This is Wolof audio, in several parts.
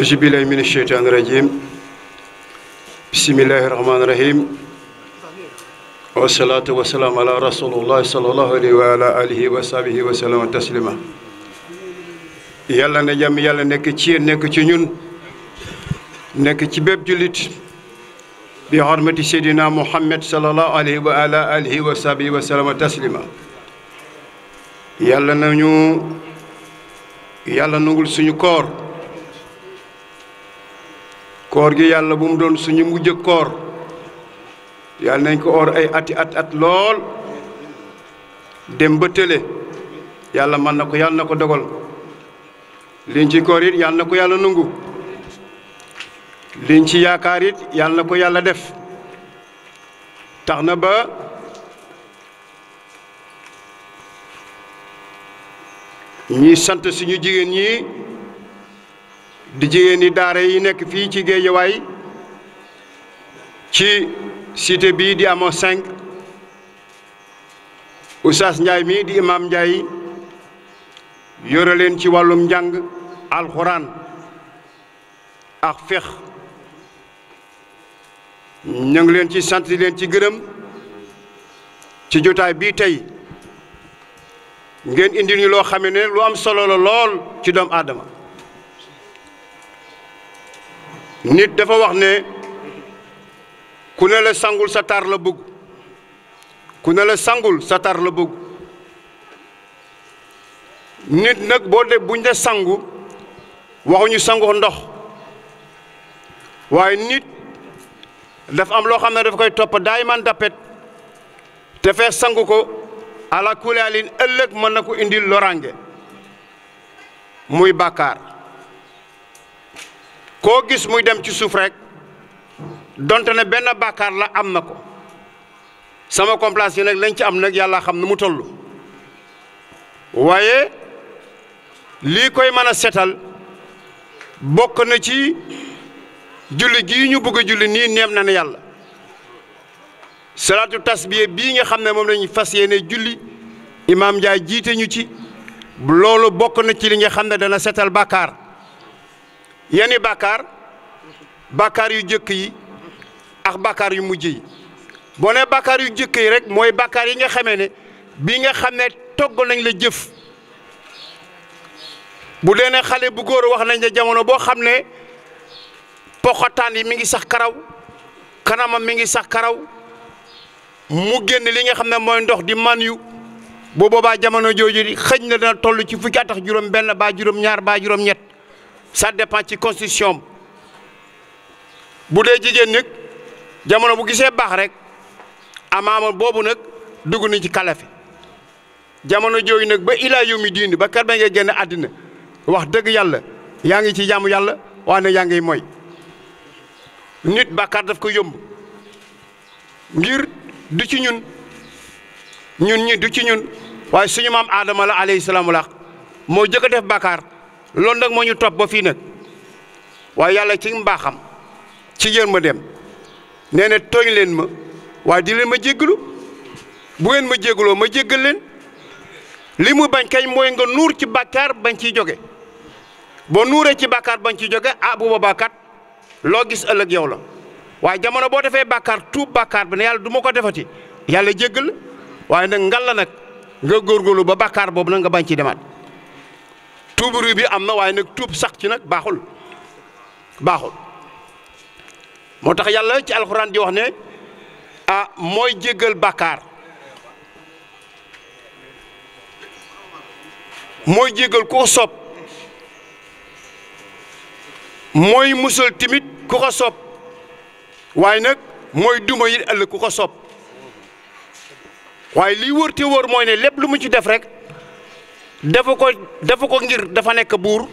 Euzubillahi mineşşeytanirracim. Bismillahirrahmanirrahim. Ve salatu ve selam ala Resulullah sallallahu aleyhi ve ala alihi ve sahbihi ve sellem teslima. Yàlla na jàmm yàlla nekk ci yéen nekk ci ñun nekk ci bépp jullit bi hormati seydina muhammad sallallahu alayhi wa ala alihi wa sahbihi wa sallama taslima yàlla nañu yàlla nangul suñu koor koor gi yàlla bu mu doon suñu mujj koor yàlla nañ ko oor ay ati at at lool dem ba tële yàlla man na ko yàlla na ko dogal liñ ci koor yàlla na ko yàlla nangu liñ ci yaakaar it yàlla na ko yàlla def tax na ba ñuy sant suñu jigéen ñi di jigéen yi daara yi nekk fii ci Géejawaay ci cité bii di amoon cinq Oustaz njaay mii di njaay Ndiaye yore leen ci wàllum njàng alxuraan ak fiqh ñu ngi leen ci sant di leen ci gërëm ci jotaay bii tey ngeen indi ñu loo xamee ne lu am solo la lool ci doomu aadama nit dafa wax ne ku ne la sangul sa tar la bëgg ku ne la sangul sa tar la bëgg nit nag boo de buñ de sangu waxuñu sangu ndox waaye nit. dafa am loo xam ne dafa koy topp daay man dappet te fee sangu ko ala kulaalin ëllëg mën na ko indi lorange muy bàkkaar koo gis muy dem ci suuf rek donte ne benn bàkkaar la am na ko sama complace yi nag lañ ci am nag yàlla xam nu mu tollu waaye lii koy mën a setal bokk na ci julli gii ñu bëgg a julli nii neem na ne yàlla salaatu tasbiya bii nga xam ne moom lañu fas yéene julli imaam Ndiaye jiite ñu ci loolu bokk na ci li nga xam ne dana setal bàkkaar yeni bàkkaar bàkkaar yu jëkk yi ak bàkkaar yu mujj yi boo nee bàkkaar yu jëkk yi rek mooy bàkkaar yi nga xamee ne bii nga xam ne togg nañ la jëf bu dee ne xale bu góor wax nañ ne jamono boo xam ne poxotaan yi mi ngi sax karaw kanamam mi ngi sax karaw mu génn li nga xam ne ndox di man yu boba boobaa jamono jooju di xëj na dana toll ci fukki at ak juróom benn baa juróom ñaar baa juróom ñett ça dépend ci constitution bu dee jigéen nag jamono bu gisee baax rek amaama boobu nag dugg na ci kalafi jamono jooju nag ba ilaa yawmi diin ba kër ba ngay génn àddina wax dëgg yàlla yaa ngi ci jaamu yàlla waa ne yaa ngi nit bàkkaar daf ko yomb ngir du ci ñun ñun ñi du ci ñun waaye suñu maam aadama la alayhi salaam la moo jëkk a def bàkkaar loolu nag moo ñu topp ba fii nag waaye yàlla ci mbaaxam ci yërmandeem nee na tooñ leen ma waaye di leen ma jéggalu bu ngeen ma jéggaloo ma jéggal leen li mu bañ kañ mooy nga nuur ci bàkkaar bañ ciy joge boo nuuree ci bàkkaar bañ ciy jóge ah bu boobaa kat loo gis ëllëg yow la waaye jamono boo defee bàkkaar tuub bàkkaar bi ne yàlla duma ko defati yàlla jéggal waaye nag ngalla nag nga góorgóorlu ba bàkkaar boobu nag nga bañ ci demaat tuuburu bi am na waaye nag tuub sax ci nag baaxul baaxul moo tax yàlla ci alxuraan di wax ne ah mooy jéggal bàkkaar mooy jéggal ku ko soob mooy musal timit ku ko soob waaye nag mooy duma yi ëllëg ku ko soob waaye liy wër te wër mooy ne lépp lu mu ci def rek dafa ko dafa ko ngir dafa nekk buur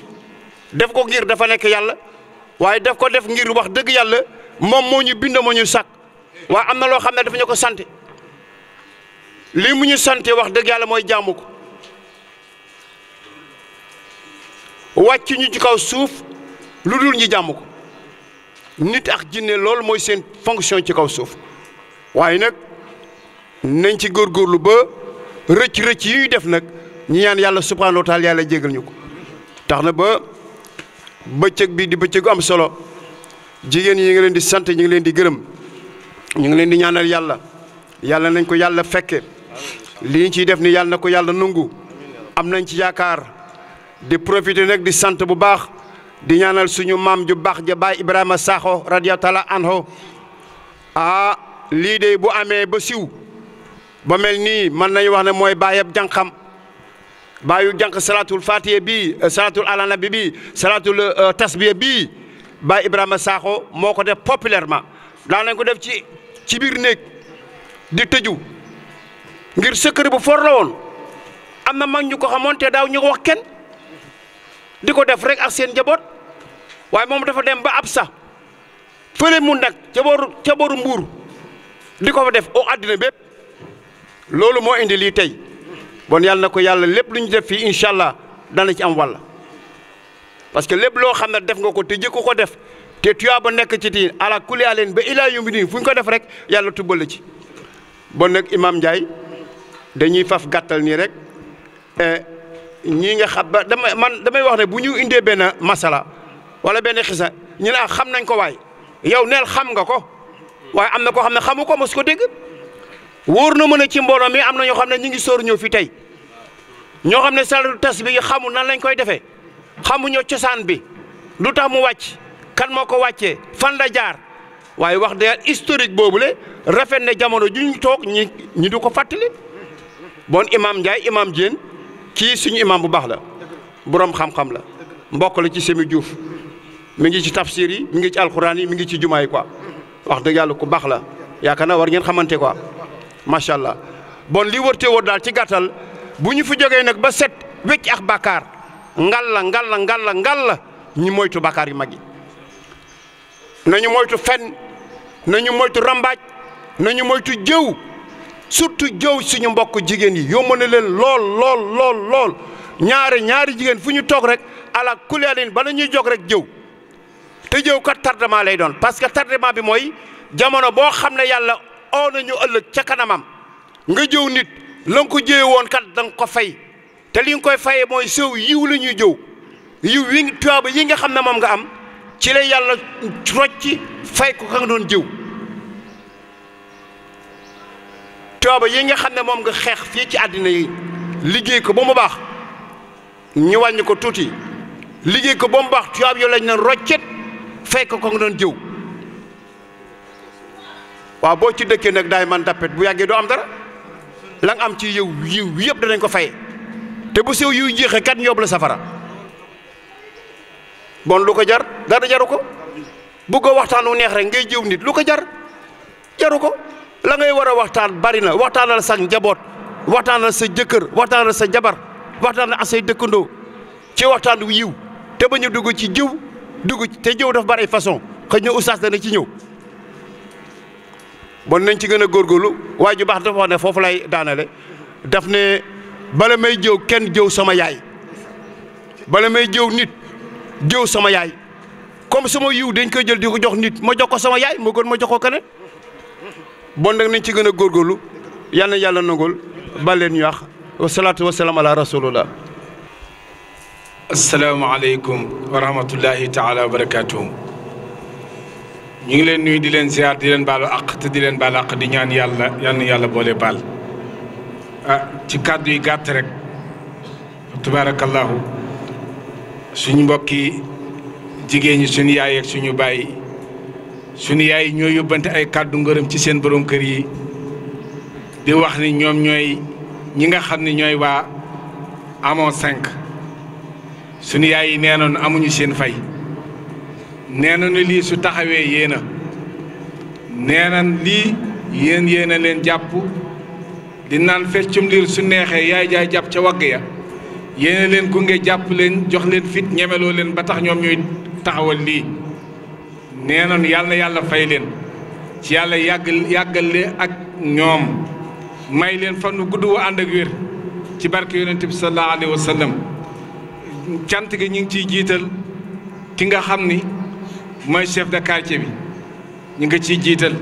def ko ngir dafa nekk yàlla waaye daf ko def ngir wax dëgg yàlla moom moo ñu bind moo ñu sàkk waaye am na loo xam ne dafa ñu ko sant lii mu ñu sante wax dëgg yàlla mooy jàmmu ko wàcc ñu ci kaw suuf lu dul ñu jàmm ko nit ak jinne loolu mooy seen fonction ci kaw suuf waaye nag nañ ci góorgóorlu ba rëcc rëcc yi ñuy def nag ñi ñaan yàlla subhaanahu yàlla jégal ñu ko tax na ba bëccëg bi di bëccëgu am solo jigéen ñi ngi leen di sante ñu ngi leen di gërëm ñu ngi leen di ñaanal yàlla yàlla nañ ko yàlla fekke li ñu ciy def ni yàlla na ko yàlla nungu am nañ ci yaakaar di profiter nag di sant bu baax di ñaanal suñu maam ju baax ja baay Ibrahima Sakho radiyallahu taala anhu ah lii de bu amee ba siw ba mel nii man nañu wax ne mooy baayab jànqam baayu jànq salaatul fatiha euh, bii salaatul alana bi bii salaatul tasbiya bii baay Ibrahima Sakho moo ko def populairement daa nañ ko def ci ci biir néeg di tëju ngir sëkkër bu for la woon am na mag ñu ko xamoon te daaw ñu ko wax kenn. di ko def rek ak seen njaboot waaye moom dafa dem ba ab sa fële mu nag ca booru ca booru mbuur di ko fa def o àddina bépp loolu moo indi lii tey bon yàlla na ko yàlla lépp lu ñu def fii incha allah dana ci am walla parce que lépp loo xam ne def nga ko te jëkku ko def te tuyaa ba nekk ci tiin ala kulli aleen ba ilaa yumbi nii fu ñu ko def rek yàlla tubbal ci bon nag Imam Ndiaye dañuy faf gàttal nii rek. Eh, ñii nga xam man damay wax ne bu ñu indee benn masala wala benn xisa ñu ne ah xam nañ ko waay yow neel xam nga ko waaye am na koo xam ne xamu ko mos ko dégg wóor na mën a ci mbooloo mi am na ñoo xam ne ñu ngi soor ñëw fi tey ñoo xam ne salaatu tasbih yi xamul nan lañ koy defee xamuñoo cosaan bi lu tax mu wàcc kan moo ko wàccee fan la jaar waaye wax dëgg historique boobu le rafet na jamono ju ñu toog ñi ñu du ko fàttali bon imam Ndiaye imam Diène ci suñu imam bu baax la boroom xam-xam la mbokk la ci Semi Diouf mi ngi ci tafsir yi mi ngi ci alxuraan yi mi ngi ci jumaa yi quoi wax dëgg yàlla ku baax la yaakaar naa war ngeen xamante ko macha allah bon li wërte wër daal ci gàttal bu ñu fi jógee nag ba set wécc ak ngal la ngalla ngalla ngal la ñu moytu bàkkaar yu mag yi nañu moytu fen nañu moytu rambaaj nañu moytu jëw surtout jëw suñu mbokk jigéen yi yomb na leen lool lool lool lool ñaare ñaari jigéen fu ñu toog rek ala kuliyalin bala ñuy jóg rek jëw te jëw kat tardement lay doon parce que tardement bi mooy jamono boo xam ne yàlla oo nañu ëllëg ca kanamam nga jëw nit la nga ko jëye woon kat da ko fay te li koy fayee mooy sew yiw la ñuy jëw yiw wi tuyaaba yi nga xam ne moom nga am ci la yàlla rocc fay ko ka doon jëw tooba yi nga xam ne moom nga xeex fii ci àddina yi liggéey ko ba mu baax ñu wàññi ko tuuti liggéey ko ba mu baax tubaab yow lañ doon roccet fay ko ko nga doon jëw waaw boo ci dëkkee nag daay man dappet bu yàggee doo am dara la am ci yow yiw yëpp danañ ko fay te bu siw yiw jeexee kat ñoob la safara bon lu ko jar dara jaru ko bu ko waxtaan wu neex rek ngay jëw nit lu ko jar jaru ko la ngay war a waxtaan bari na waxtaanal sa njaboot waxtaanal sa jëkkër waxtaanal sa jabar waxtaanal ak say dëkkandoo ci waxtaan wu yiw te ba ñu dugg ci jiw dugg te jiw dafa bari façon xëy na oustaz dana ci ñëw bon nañ ci gën a góorgóorlu waaye ju baax dafa wax ne foofu lay daanale daf ne bala may jëw kenn jëw sama yaay bala may jëw nit jëw sama yaay comme suma yiw dañ koy jël di ko jox nit ma jox ko sama yaay moo gën ma jox ko keneen bon nag nañ ci gën a góorgóorlu yal na yàlla nangul bal leen ñu wax wasalaatu wasalaam ala rasulullah asalaamaaleykum wa rahmatullahi taala wa barakaatu ñu ngi leen nuyu di leen ziar di leen baalu àq te di leen baalu àq di ñaan yàlla yal na yàlla boole baal ah ci kàddu yi gàtt rek tabaarakallaahu suñu mbokki jigéen ñi suñu yaay ak suñu bàyyi sunu yaay ñoo yóbbante ay kàddu ngërëm ci seen borom kër yi di wax ni ñoom ñooy ñi nga xam ni ñooy waa amoon cinq sunu yaay yi nee nañu amuñu seen fay nee nañu lii su taxawee yéen a nee lii yéen yéen a leen jàpp di naan feccum liir su neexee yaay jaay jàpp ca wagg ya yéen a leen gunge jàpp leen jox leen fit ñemeloo leen ba tax ñoom ñooy taxawal lii nee nañu yàlla yàlla fay leen ci yàlla yàggal yàggal ak ñoom may leen fan nu gudd wu ànd ak wér ci barke yonent bi sallallahu alayhi cant gi ñu ngi ciy jiital ki nga xam ni mooy chef de quartier bi ñu nga ciy jiital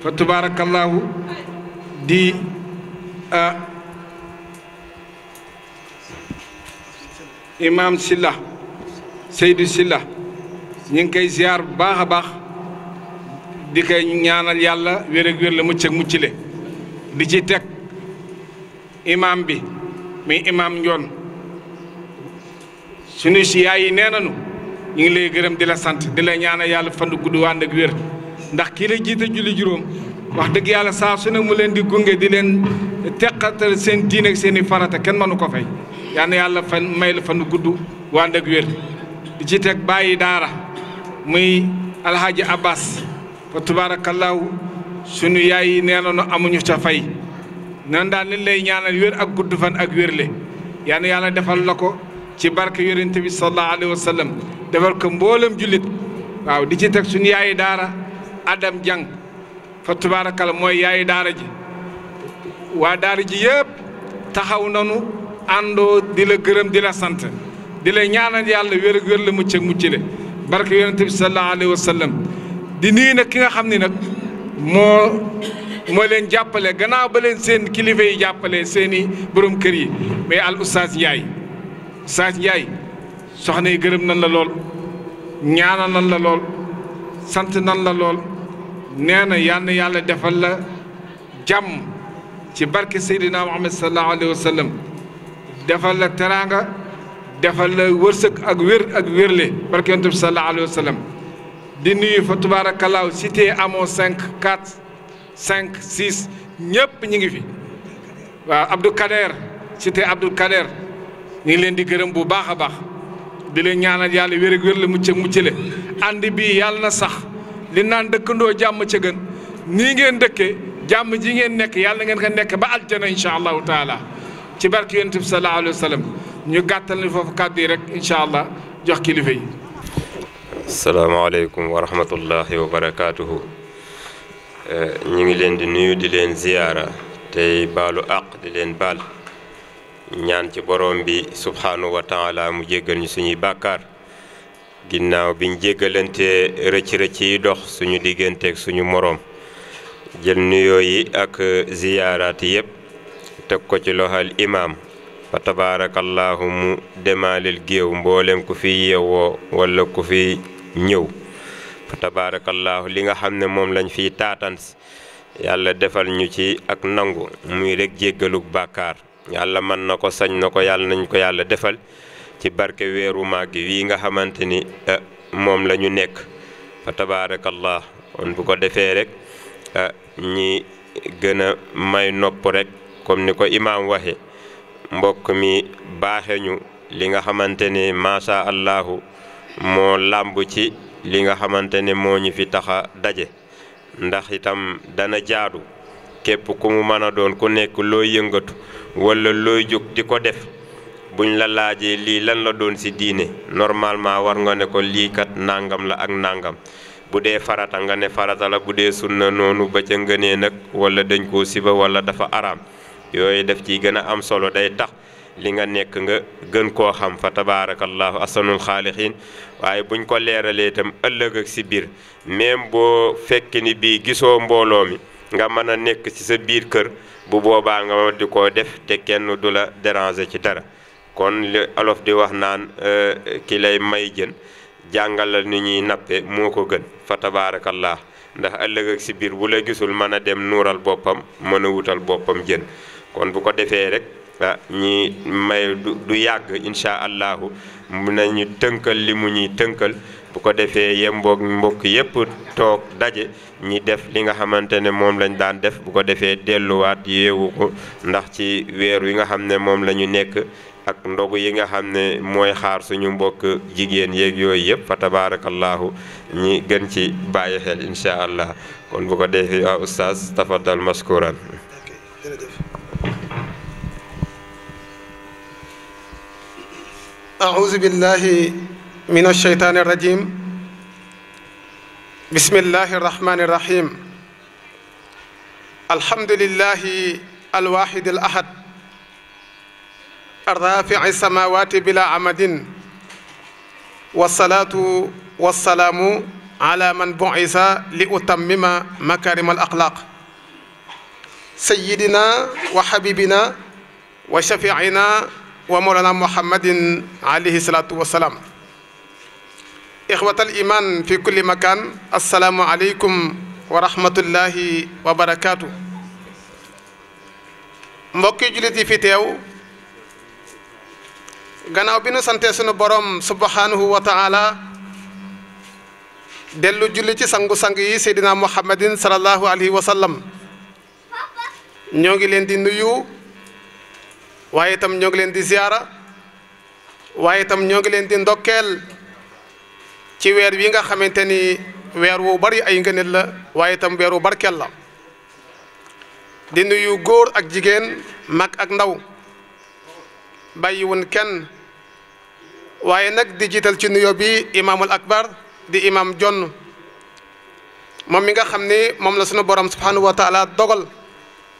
fa tubaarakallaahu di imam silla Seydou Silla ñu ngi koy ziar bu baax a baax di koy ñaanal yàlla wér ak wér la mucc mucci mucc le di ci teg imaam bi muy imaam Njoon sunu si yi nee nañu ñu ngi lay gërëm di la sant di lay ñaanal yàlla fan gudd wànd ak wér ndax kii la jiite julli juróom wax dëgg yàlla saa su mu leen di gunge di leen teqatal seen diine ak seen farata kenn mënu ko fay yal yàlla fa may la fan gudd wànd ak wér di ci teg bàyyi daara. muy alxaaji abbas fa tubaarakallaahu sunu yaay yi nee nañu amuñu ca fay nan daal liñ lay ñaanal wér ak gudd fan ak wérle yaa na yàlla defal la ko ci barke yonent bi sallallahu alayhi wa sallam defal ko mboolem jullit waaw di ci teg suñu yaayi daara adam jang fa tubaarakal mooy yaayi daara ji waa daara ji yëpp taxaw nanu àndoo di la gërëm di la sant di la ñaanal yàlla wér ak wér la mucc ak mucc le barke yonente bi sallallahu alayhi wa sallam di nuyu nag ki nga xam ni nag moo moo leen jàppale gannaaw ba leen seen kilifa yi jàppale seeni i kër yi mais al oustaz Ndiaye oustaz Ndiaye soxna yi gërëm nan la lool ñaanal nan la lool sant nan la lool nee na yal yàlla defal la jàmm ci barke Seydina Muhammad sallallahu alayhi wa defal la teraanga. defal la wërsëg ak wér ak wérle barke yonent bi sallallahu alayhi wa sallam di nuyu fa tubaarakallaahu cité amon cinq quatre cinq six ñëpp ñi ngi fi waaw Abdou Kader cité Abdou Kader ñu ngi leen di gërëm bu baax a baax di leen ñaanal yàlla wér ak wérle mucc muccale ànd bii yàlla na sax li naan dëkkandoo jàmm ca gën nii ngeen dëkkee jàmm ji ngeen nekk yàlla ngeen ko nekk ba aljana incha allahu taala ci barke yonent bi sallallahu alayhi wa sallam ñu gàttali foofu kàddu yi rek incha allah jox kilifa yi. salaamaaleykum wa rahmatullahi wa barakaatuhu. ñu ngi leen di nuyu di leen ziyaara tey baalu àq di leen baal. ñaan ci borom bi subxanahu wa taala mu jéggal ñu suñuy bàkkaar ginnaaw biñ jéggalantee rëcc rëcc yi dox suñu digganteeg suñu moroom jël nuyoo yi ak ziyaaraat yépp teg ko ci loxal imaam fa tabaarakallaahu mu demaaleel géew mboolem ku fi yeewoo walla ku fi ñëw fa tabaarakallaahu li nga xam ne moom lañu fiy taatan yàlla defal ñu ci ak nangu muy rekk jéggalug bàkkaar yàlla mën na ko sañ na ko yàlla nañ ko yàlla defal ci barke weeru màgg wii nga xamante ni eh, moom la ñu nekk fa tabaarakallah on bu ko defee rek eh, ñi gën a may nopp rek comme ni ko imaam waxe mbokkmi baaxeñu li nga xamante ne masa allahu moo làmb ci li nga xamante ne moo ñu fi taxa daje ndax itam dana jaadu képp ku mu mën a doon ku nekk looy yëngatu wala looy jóg di ko def buñ la laajee lii lan la doon si diine normalement war nga ne ko lii kat nàngam la ak nàngam bu dee farata nga ne farata la bu dee sunna noonu ba ca ngëneen nag wala dañ koo siba wala dafa araam yooyu def ciy gën a am solo day tax li nga nekk nga gën koo xam fa tabaarakallaahu asanul xaalixiin waaye buñ ko leeralee itam ëllëg ak si biir même boo fekk ni bii gisoo mbooloo mi nga mën a nekk ci sa biir kër bu boobaa nga di koo def te kenn du la déranger ci dara kon li olof di wax naan euh, ki lay may jën jàngalal ni ñuy nappe moo ko gën fa tabaarakallah ndax ëllëg ak si biir bu la gisul mën a dem nuural boppam mën a wutal boppam jën kon bu ko defee rek ah ñi may du yàgg incha allahu mun nañu tënkal li mu ñuy tënkal bu ko defee yemboog mbokk yépp toog daje ñi def li nga xamante ne moom lañ daan def bu ko defee delluwaat yeewu ko ndax ci weer wi nga xam ne moom la ñu nekk ak ndogu yi nga xam ne mooy xaar suñu mbokk jigéen yeeg yooyu yëpp fa tabarakallahu ñi gën ci bàyyi xel incha allah kon bu ko defee waa ah, oustaz tafadal mashkuran أعوذ بالله من الشيطان الرجيم بسم الله الرحمن الرحيم الحمد لله الواحد الأحد الرافع السماوات بلا عمد والصلاة والسلام على من بعث لأتمم مكارم الأخلاق سيدنا وحبيبنا وشفيعنا ومولانا محمد عليه الصلاة والسلام إخوة الإيمان في كل مكان السلام عليكم ورحمة الله وبركاته مبكي جلتي في تيو غناو بنو سنتي سنو بروم سبحانه وتعالى دلو جلتي سنغو سنغي سيدنا محمد صلى الله عليه وسلم نيوغي لين دي نيو waaye itam ñoo ngi leen di ziyaara waaye itam ñoo ngi leen di ndokkeel ci weer wi nga xamante ni weer wu bari ay ngëneel la waaye itam weer wu barkeel la di nuyu góor ak jigéen mag ak ndaw bàyyiwun kenn waaye nag di jiital ci nuyo bi imaamul akbar di imaam jonn moom mi nga xam ni moom la sunu borom subhanahu dogal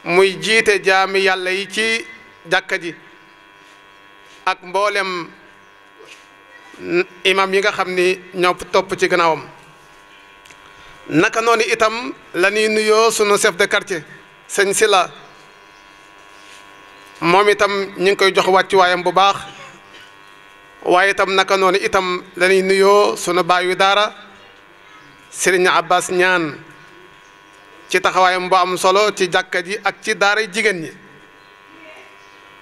muy jiite jaami yàlla yi ci jàkka ji ak mboolem imam yi nga xam ni ñoo topp ci gannaawam naka noonu itam la ñuy nuyoo sunu chef de quartier sëñ Sila moom itam ñu ngi koy jox wàccuwaayam bu baax waaye itam naka noonu itam la ñuy nuyoo sunu baayu daara sëriñ Abbas ñaan ci taxawaayam bu am solo ci jàkka ji ak ci daara jigéen ñi.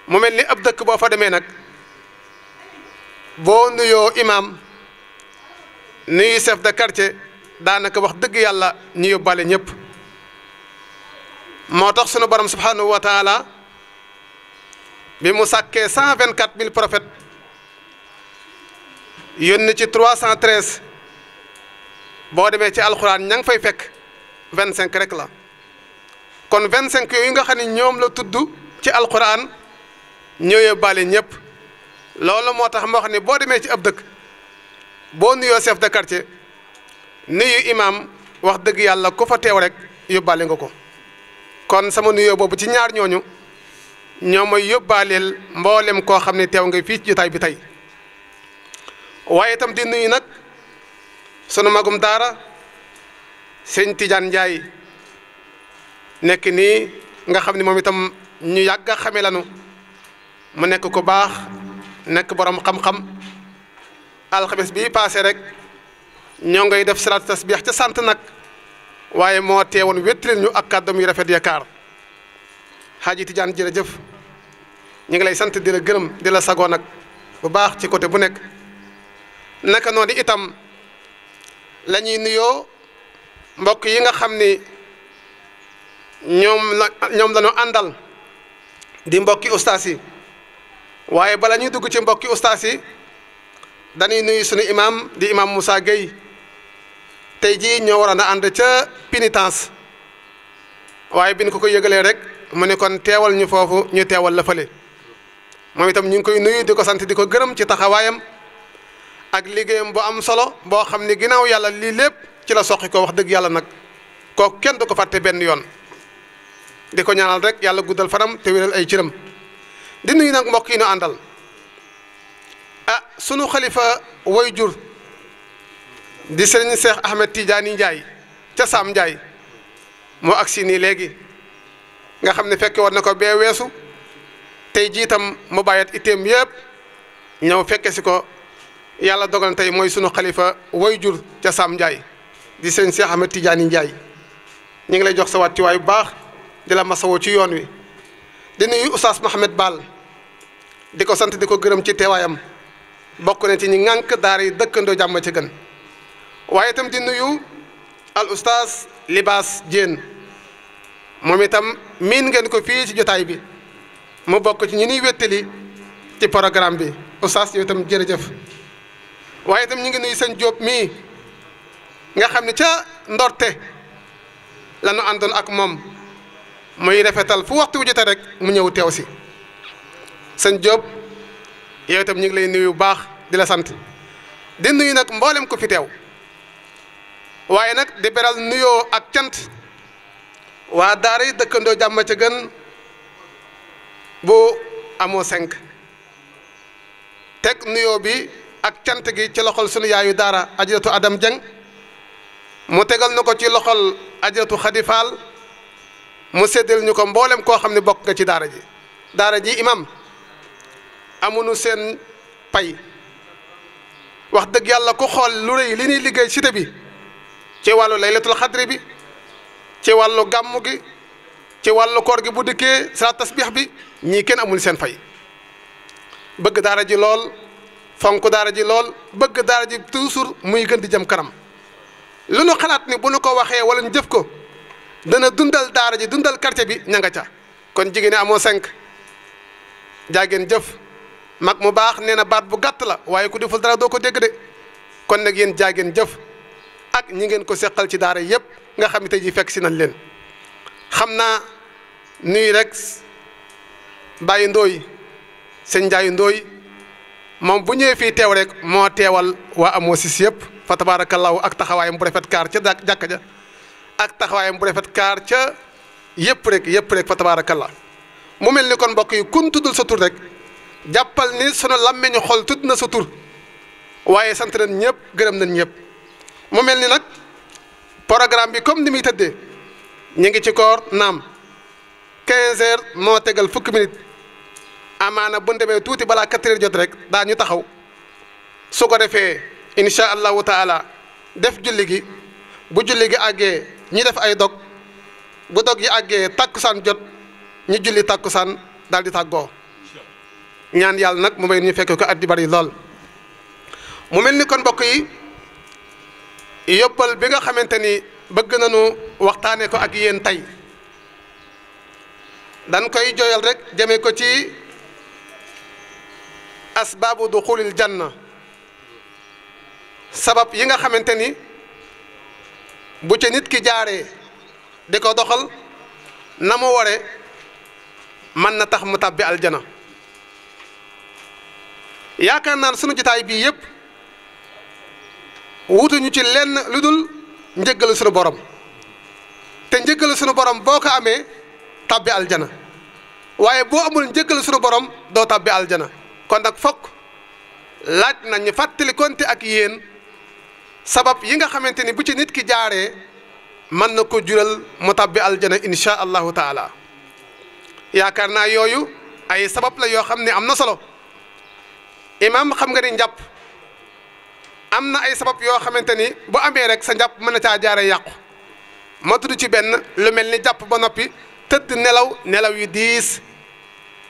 mu mel ni ab dëkk boo fa demee nag boo nuyoo imam nuyu chef de quartier daanaka wax dëgg yàlla ñu yóbbaale ñëpp moo tax sunu borom subhanahu wa taala bi mu sàkkee cent vingt quatre mille prophètes yónni ci trois cent treize boo demee ci alxuraan ña ngi fay fekk vingt cinq rek la kon vingt cinq yooyu nga xam ne ñoom la tudd ci alxuraan. ñëwee bale ñëpp loolu moo tax moo xam ne boo demee ci ab dëkk boo nuyoo seef de quartier nuyu imam wax dëgg yàlla ko fa teew rek yóbbaale nga ko kon sama nuyoo boobu ci ñaar ñooñu ñoo may yóbbaaleel mboolem koo xam ne teew nga fii ci tay bi tey waaye itam di nuyu nag sunu magum daara sëñ Tidiane njaay nekk nii nga xam ne moom itam ñu yàgg a xame lanu mu nekk ku baax nekk borom xam-xam alxames bi paase rek ñoo ngay def salaatu tasbiix ca sant nag waaye moo teewoon wéttalin ñu ak kàddoom yu rafet yaakaar Xaaji Tijaan jërëjëf ñu ngi lay sant di la gërëm di la sagoo nag bu baax ci côté bu nekk naka noonu itam la ñuy nuyoo mbokk yi nga xam ni ñoom la ñoom la ñu àndal di mbokki ustaas yi. waaye bala ñuy dugg ci mbokki ustaas yi dañuy nuyu suñu imam di imam Moussa Gueye tey jii ñoo waroon a ànd ca pénitence waaye bi ñu ko ko yëgalee rek mu ne kon teewal ñu foofu ñu teewal la moom itam ñu ngi koy nuyu di ko sant di ko gërëm ci taxawaayam ak liggéeyam bu am solo boo xam ne ginnaaw yàlla lii lépp ci la soqi ko wax dëgg yàlla nag kooku kenn du ko fàtte benn yoon di ko ñaanal rek yàlla guddal fanam te wéral ay ciram di nuyu nag mbokk yi ñu àndal ah sunu xalifa woy jur di sëriñ Seex Ahmed Tidiane Ndiaye ca Saam Ndiaye moo agsi ni léegi nga xam ne fekke war na ko bee weesu tey jiitam mu bàyyat itteem yëpp ñëw fekke si ko yàlla dogal tey mooy sunu xalifa woy jur ca Saam Ndiaye di sëriñ Seex Ahmed Tidiane Ndiaye ñu ngi lay jox sa wàccuwaay bu baax di la masawoo ci yoon wi di nuyu Oustaz Mouhamed Ball di ko sant di ko gërëm ci teewaayam bokk na ci ñi ŋànk yi dëkkandoo jàmm ci gën waaye itam di nuyu al Oustaz Libaas Dieng moom itam miin ngeen ko fii ci jotaay bi mu bokk ci ñu nuy wéttali ci programme bi Oustaz yow itam jërëjëf waaye itam ñu ngi nuyu seen Jóob mii nga xam ne ca ndorte la ñu àndoon ak moom. muy rafetal fu waxtu wu jotee rek mu ñëw teew si sëñ Diop yow itam ñu ngi lay nuyu bu baax di la sant di nuyu nag mboolem ko fi teew waaye nag di beral nuyoo ak cant waa daara yi dëkkandoo jàmm ca gën bu amoo cinq teg nuyoo bi ak cant gi ci loxol sunu yaayu daara ajaratu Adam jang mu tegal na ko ci loxol ajaratu Khady mu séddal ñu ko mboolem koo xam ne bokk nga ci daara ji daara ji imam amuñu seen pay wax dëgg yàlla ku xool lu rëy li ñuy liggéey cité bi ci wàllu laylatul xadri bi ci wàllu gàmm gi ci wàllu koor gi bu dikkee sa tasbix bi ñii kenn amul seen pay bëgg daara ji lool fonk daara ji lool bëgg daara ji toujours muy gën di jëm kanam lu nu xalaat ni bu ñu ko waxee wala ñu jëf ko dana dundal daara ji dundal quartier bi ña nga ca kon jigéen ñi amoo cinq jaageen jëf mag mu baax nee na baat bu gàtt la waaye ku deful dara doo ko dégg de kon nag yéen jaageen jëf ak ñi ngeen ko seqal ci daara yëpp nga xam ne jii fekk si nañ leen xam naa nuyu rek bàyyi ndooy seen njaayu ndooy moom bu ñëwee fii teew rek moo teewal waa amoo sis yëpp fa tabaarakallaahu ak taxawaay bu rafet kaar ca jàkka ja ak taxawaayam bu rafet kaar ca yëpp rek yëpp rek fa tabaarakallaa mu mel ni kon mbokk yi kun tuddul sa tur rek jàppal ni sunu làmmeñu xol tudd na sa tur waaye sant nañ ñëpp gërëm nañ ñëpp mu mel ni nag programme bi comme ni muy tëddee ñu ngi ci koor naam 15 heures moo tegal fukki minute amaana bu ñu demee tuuti balaa 4 jot rek daa ñu taxaw su ko defee incha allahu taala def julli gi bu julli gi àggee. ñi def ay dog bu dog yi àggee tàkkusaan jot ñu julli tàkkusaan daal di tàggoo ñaan yàlla nag mu may ñu fekk ko ak di bari lool mu mel ni kon mbokk yi yóbbal bi nga xamante ni bëgg nañu waxtaane ko ak yéen tey dañ koy joyal rek jëme ko ci asbaabu jan na sabab yi nga xamante ni bu ca nit ki jaaree di ko doxal na mu waree mën na tax mu tàbbi aljana yaakaar naan sunu jitaay bii yëpp wutuñu ci lenn lu dul njëggalu sunu borom te njëggalu sunu borom boo ko amee tàbbi aljana waaye boo amul njëggalu sunu borom doo tàbbi aljana kon nag fokk laaj na ñu fàttali konte ak yéen sabab yi nga xamante ni bu ci nit ki jaaree mën na ko jural mu tàbbi aljana insha allah taala yaakaar naa yooyu ay sabab la yoo xam ne am na solo imam xam nga ni njàpp am na ay sabab yoo xamante ni bu amee rek sa njàpp mën na caa jaaree yàqu ma tudd ci benn lu mel ni jàpp ba noppi tëdd nelaw nelaw yu diis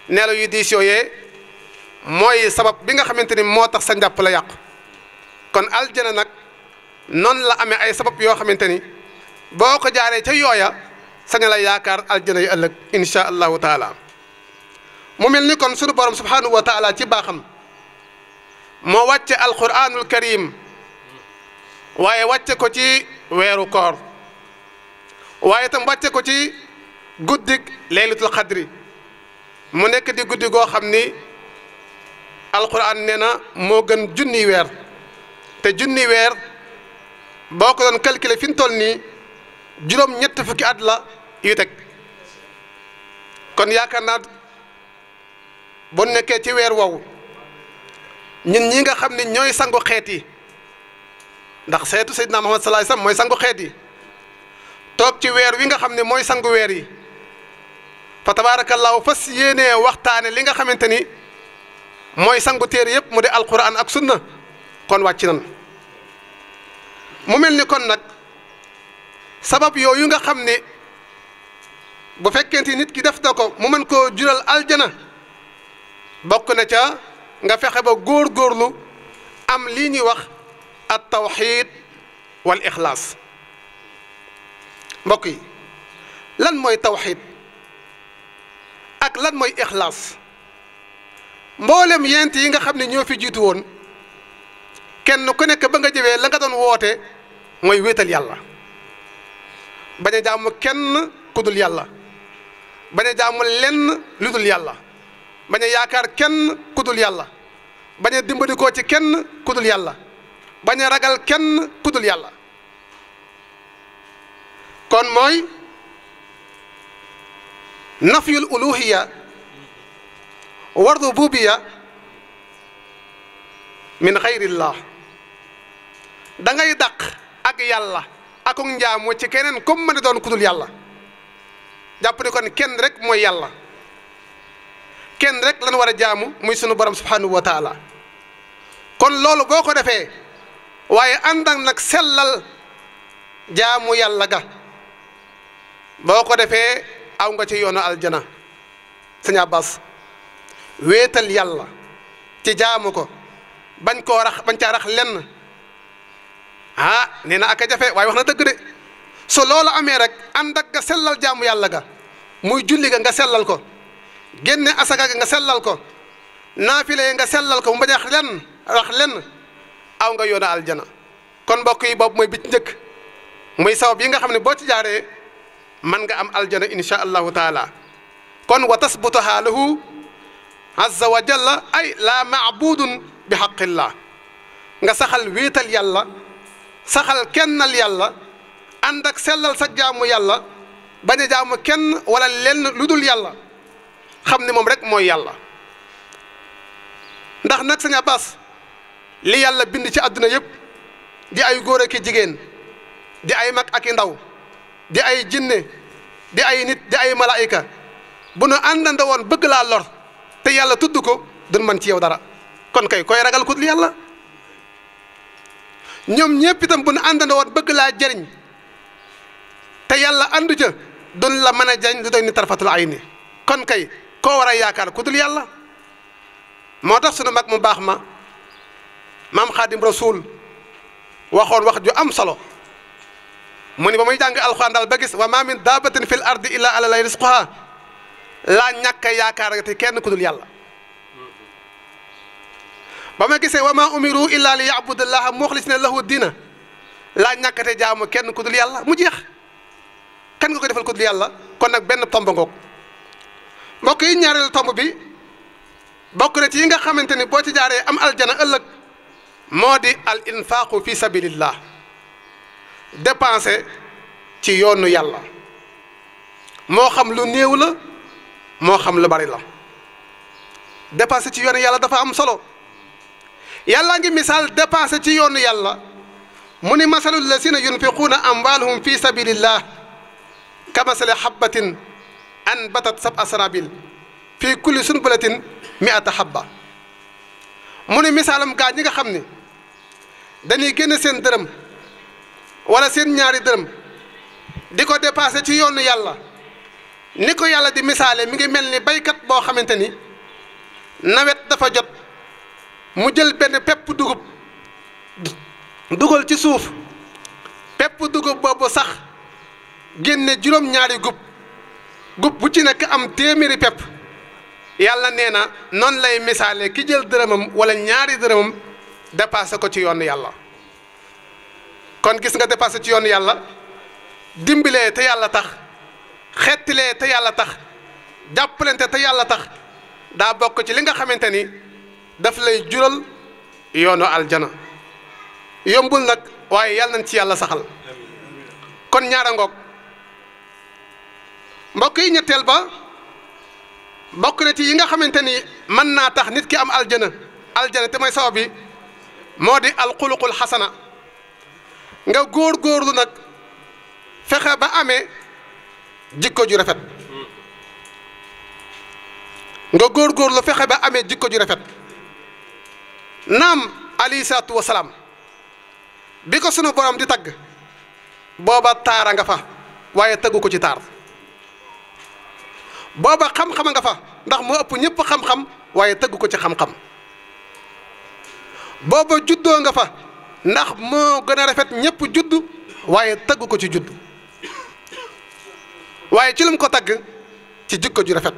nelaw yu diis yooyee mooy sabab bi nga xamante ni moo tax sa njàpp la yàqu kon aljana nag non la amé ay sabab yo xamanteni boko jaaré ci yoya ca yooya sañ la yaakar aljana yi ëlëk insha allah taala mu melni kon sunu borom subhanahu wa taala ci baxam mo wàcce alquranul karim waye wàcce ko ci wéru koor waye tam wàcce ko ci guddig laylatul xadri mu nekk di guddi goo xam ni alquran nee na moo gën junni weer te junni weer boo ko doon calculer fi mu toll nii juróom ñett fukki at la yu teg kon yaakaar naa bon nekkee ci weer woowu ñun ñi nga xam ne ñooy sangu xeet yi ndax seetu Seydina Muhammad sallallahu alayhi wasallam mooy sangu xeet yi toog ci weer wi nga xam ne mooy sangu weer yi fa tabaarakallaahu fas yéenee waxtaane li nga xamante ni mooy sangu téere yëpp mu de alquran ak sunna kon wàcc nan mu mel ni kon nag sabab yooyu nga xam ne bu fekkente nit ki def na ko mu mën koo jural aljana bokk na ca nga fexe ba góor-góorlu am lii ñuy wax at tawxid wal ixlaas mbokk yi lan mooy tawxid ak lan mooy ixlaas mboolem yent yi nga xam ne ñoo fi jiitu woon kenn ku nekk ba nga jëwee la nga doon woote moy wétal yalla baña jamm kenn ku dul yàlla bañ a lenn lu dul yàlla bañ kenn ku dul yàlla dimbali ko ci kenn ku dul ragal kenn ku dul kon moy nafyul uluhiyya wardu rububiya min khairillah da ngay dàq ak yàlla akuk njaamu ci keneen kom mën a doon kudul yàlla jàpp ne kon kenn rek mooy yàlla kenn rek lan war a jaamu muy sunu borom subhanahu wa kon loolu boo ko defee waaye ànd nag sellal jaamu yàlla ga boo ko defee aw nga ci yoonu aljana sëñ Abbas wéetal yàlla ci jaamu ko bañ koo rax bañ caa rax lenn ah nee na ak a jafe waaye wax na dëgg de so loola amee rek ànd ak nga sellal jaamu yàlla ga muy julli ga nga sellal ko génne asaka ga nga sellal ko naafile yi nga sellal ko mu bañ a wax lenn wax lenn aw nga aljana kon mbokk yi boobu mooy bi njëkk muy sabab yi nga xam ne boo ci jaaree man nga am aljana insha allahu taala kon wa tasbutu haaluhu azza wa jalla ay laa maabudun bi xaqillah nga saxal wéetal yàlla saxal kenn kennal yàlla ànd ak sellal sa jaamu yàlla bañ a jaamu kenn wala lenn lu dul yàlla xam ne moom rek mooy yàlla ndax nag sañ li yàlla bind ci àdduna yëpp di ay góor ak i jigéen di ay mag ak i ndaw di ay jinne di ay nit di ay malaayika bu nu àndandoo woon bëgg laa lor te yàlla tudd ko duñ man ci yow dara kon kay koy ragal ku yàlla ñom ñepp itam bu nu àndandoo woon bëgg la jariñ te yalla andu ca don la mëna a du doy ni tarfatul ayni kon kay ko wara yaakar ku dul yàlla mag mu bax ma mam khadim rasul waxon wax ju am solo muni ni jang alquran dal ba gis wa ma min dabatin fil ardi illa ala lay la laa ñàkk a te kenn ku dul ba ma gisee wa ma umiru illa li yabudullaha muxlisina lahu dina laa ñàkkate jaamu kenn ku dul yàlla mu jeex kenn nga ko defal ku dul yàlla kon nag benn tomb ngoog mbokk yi ñaareelu tomb bi bokk na ci yi nga xamante ni boo ci jaaree am aljana ëllëg moo di al infaqu fi sabilillah dépenser ci yoonu yàlla moo xam lu néew la moo xam lu bari la dépenser ci yoonu yàlla dafa am solo yàllaa ngi misaal dépassé ci yoonu yàlla mu ni masalul lazina yunfiquuna amwaalahum fi sabilillah kamasali habbatin anbatat sab'a sanabil fii kulli sunbulatin mi'ata habba mu ni misaalam gaa ñi nga xam ni dañuy génn seen dërëm wala seen ñaari dërëm di ko dépassé ci yoonu yàlla ni ko yàlla di misaale mi ngi mel ni baykat boo xamante ni nawet dafa jot mu jël benn pepp dugub dugal ci suuf pepp dugub boobu sax génne juróom-ñaari gub gub bu ci nekk am téeméeri pepp yàlla nee na noon lay misaale ki jël dërëmam wala ñaari dërëmam dépassé ko ci yoon yàlla kon gis nga dépassé ci yoon yàlla dimbilee te yàlla tax xettilee te yàlla tax jàppalante te yàlla tax daa bokk ci li nga xamante ni daf lay jural yoonu aljana yombul nag waaye yàlla nañ ci yàlla saxal kon ñaara ngoog mbokk yi ñetteel ba bokk na ci yi nga xamante ni mën naa tax nit ki am aljana aljana te mooy sabab bi moo di alxuluqul xasana nga góor-góorlu nag fexe ba amee jikko ju rafet nga góor-góorlu fexe ba amee jikko ju rafet Nam ali satu wasalam biko sunu borom di tag boba tara nga fa waye tagu ko ci tar boba xam xam nga fa ndax mo upp ñepp xam-xam waye tagu ko ci xam-xam boba juddo nga fa ndax mo gëna rafet ñepp judd waye tagu ko ci judd waye ci lu ko tag ci jikko ju rafet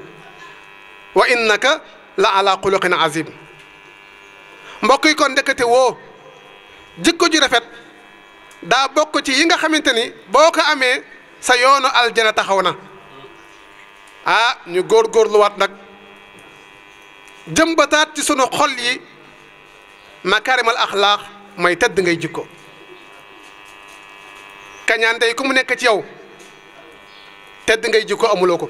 wa innaka la ala khuluqin azim mbokk yi kon ndekete woo jikko ju rafet daa bokk ci yi nga xamante ni boo ko amee sa yoonu aljana taxaw na ah ñu góor góorluwaat nag jëmbataat ci sunu xol yi makaarimal axlaax mooy tedd ngay jikko kañaan day ku mu nekk ci yow tedd ngay jikko amuloo ko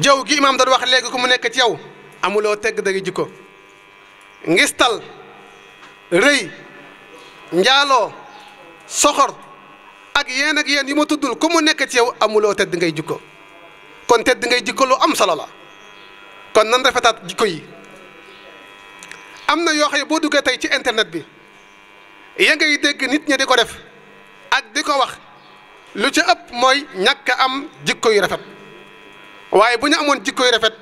jëw gi imaam doon wax léegi ku mu nekk ci yow amuloo tegg dangay jikko ngistal rëy njaaloo soxor ak yen ak yéen yu ma tuddul ku mu nekk ci yow amuloo tedd ngay jikko kon tedd ngay jikko lu am solo la kon nan rafetaat jikko yi am na yoo xam boo duggee tey ci internet bi ya ngay dégg nit ñi di ko def ak di ko wax lu ci ëpp mooy ñàkk am jikko yu rafet waaye bu ñu amoon jikko yu rafet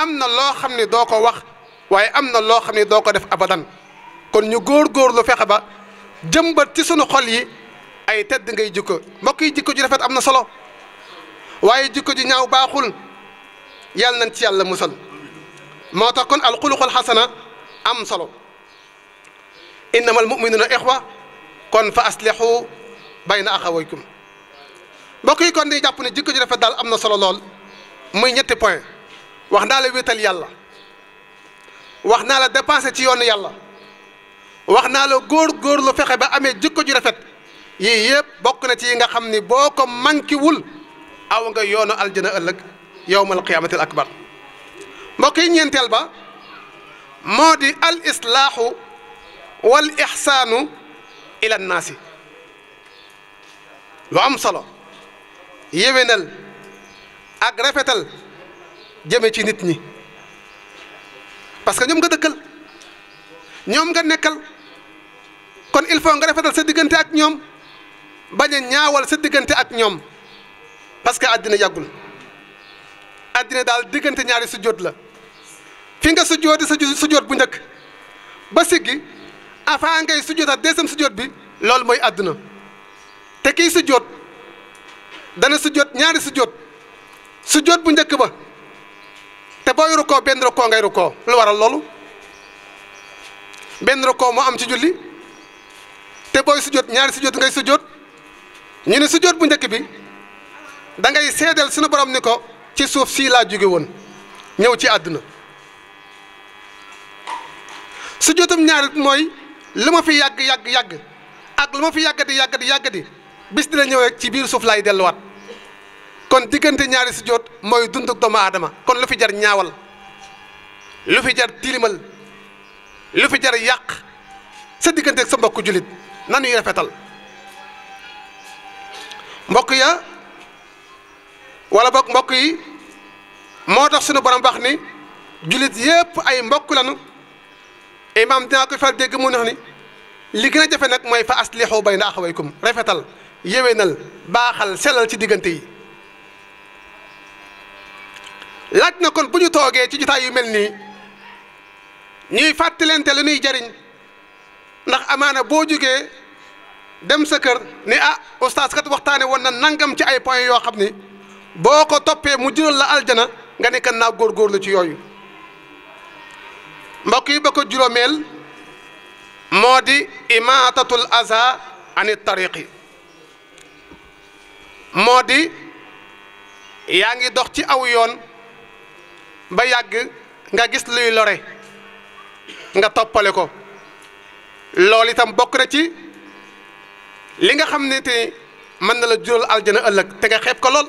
am na loo xam ne doo ko wax waaye am na loo xam ne doo ko def abadan kon ñu góor góorgóorlu fexe ba jëmbat ci sunu xol yi ay tedd ngay jikko mbokk yi jikko ji rafet am na solo waaye jikko ji ñaaw baaxul yàlla nañ ci yàlla musal moo tax kon alxuluqul xasana am solo innama almuminuna ixwa kon fa aslihu bayna axawaykum mbokk yi kon di jàpp ne jikko ji rafet daal am na solo lool muy ñetti point wax naa la wéetal yàlla wax naa la dépensé ci yoonu yàlla wax naa la góor góor lu fexe ba amee jikko ju rafet yii yëpp bokk na ci yi nga xam ni boo ko manqué wul aw nga yoonu aljana ëllëg yowmal qiyaamatil akbar mbokk yi ñeenteel ba moo di al islaaxu wal ixsaanu ila naasi lu am solo yéwénal ak rafetal jëme ci nit ñi parce que ñoom nga dëkkal ñoom nga nekkal kon il faut nga rafetal sa diggante ak ñoom bañ a ñaawal sa diggante ak ñoom parce que àddina yàggul àddina daal diggante ñaari sujjóot la fi nga sujjóoti sa sujjóot bu njëkk ba siggi avant ngay sujjóot ak deuxième sujjóot bi loolu mooy àddina te kii sujjóot dana sujjóot ñaari sujjóot sujjóot bu njëkk ba te booy rukkoo benn rukkoo ngay rukkoo lu waral loolu benn rukkoo moo am ci julli te booy sujjóot ñaari sujjóot ngay sujjóot ñu ne sujjóot bu njëkk bi dangay ngay seedeel suñu borom ni ko ci suuf sii laa jóge woon ñëw ci àdduna sujjóotum ñaari mooy lu ma fi yàgg yàgg yàgg ak lu ma fi yàggati yàggati yàggati bis dina ñëw ci biir suuf laay delluwaat. kon digënté ñaari jot moy dunduk doomu adama kon lu fi jar ñaawal lu fi jar tilimal lu fi jar yaq sa digënté ak sa mbokku jullit nanuy rafetal mbokk ya wala bok mbokk yi mo tax suñu borom bax ni julit yépp ay mbokk lañu imam dinaa ko fal dégg mu neex ni li gëna jafé nak moy fa aslihu bayna akhawaykum rafetal yewenal baxal selal ci digënté yi laaj na kon bu ñu toogee ci jotaay yu mel nii ñuy fàttalente lu ñuy jariñ ndax amaana boo jógee dem sa kër ni ah oustaz kat waxtaane woon na nangam ci ay point yoo xam ni boo ko toppee mu jural la aljana nga ne kan naa góorgóorlu ci yooyu mbokk yi ba ko juróomeel moo di imaatatul aza ani tariqi moo di yaa ngi dox ci aw yoon ba yàgg nga gis luy lore nga toppale ko loolu itam bokk na ci li nga xam ne te mën na la jural aljana ëllëg te nga xeeb ko lool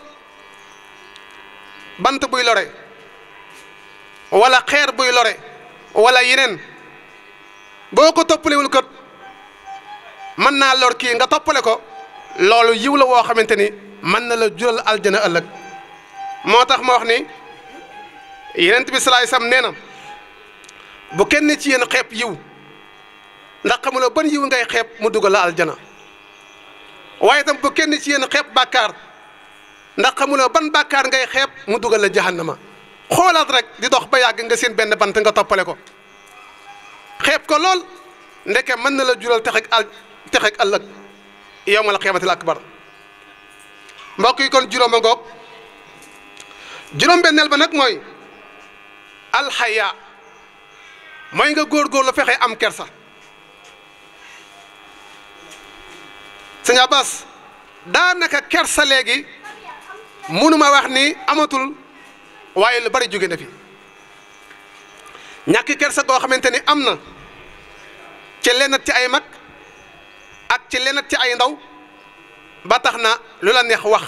bant buy lore walla xeer buy lore wala yeneen boo ko toppalewul kat mën naa lor kii nga toppale ko loolu yiw la woo xamante ni mën na la jural aljana ëllëg moo tax ma wax ni yonent bi sam nee na bu kenn ci yenn xeeb yiw ndax xamuloo ban yiw ngay xeeb mu dugal la aljana waaye itam bu kenn ci yenn xepp bàkkaar ndax xamuloo ban bàkkaar ngay xeeb mu dugal la jahannama xoolaat rek di dox ba yàgg nga seen benn bant nga toppale ko xeeb ko lool ndeke mën na la jural texeg al texeg ëllëg yawmal qiyaamatil akbar mbokk yi kon juróom a ngoog juróom benneel ba nag mooy alxaya mooy nga góor góorgóorlu fexe am kersa sëñ Abbas daanaka kersa léegi mënuma wax ni amatul waaye lu bari jóge na fi ñàkk kersa goo xamante ni am na ci lennat ci ay mag ak ci lennat ci ay ndaw ba tax na lu la neex wax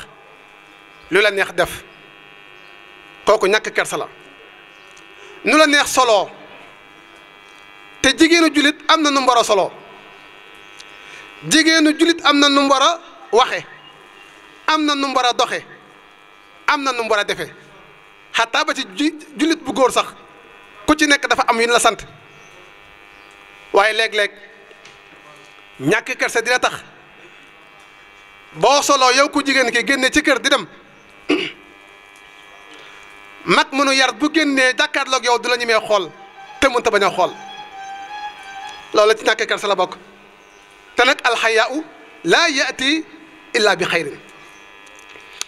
lu la neex def kooku ñàkk kersa la nu la neex solo te jigéenu jullit am na nu mu war a jigéenu jullit am na nu mu a waxe am na nu mu a doxe am na nu mu war a defe xataa ba ci jullit bu góor sax ku ci nekk dafa am yu la sant waaye léeg-léeg ñàkk kersa dina tax boo soloo yow ku jigéen ki génne ci kër di dem mag mënu yar bu génnee jàkkaarloog yow du la ñemee xool te mënta bañ a xool loolu ci ñàkk kersa la bokk te nag alxayaau la yati illa bi xayrin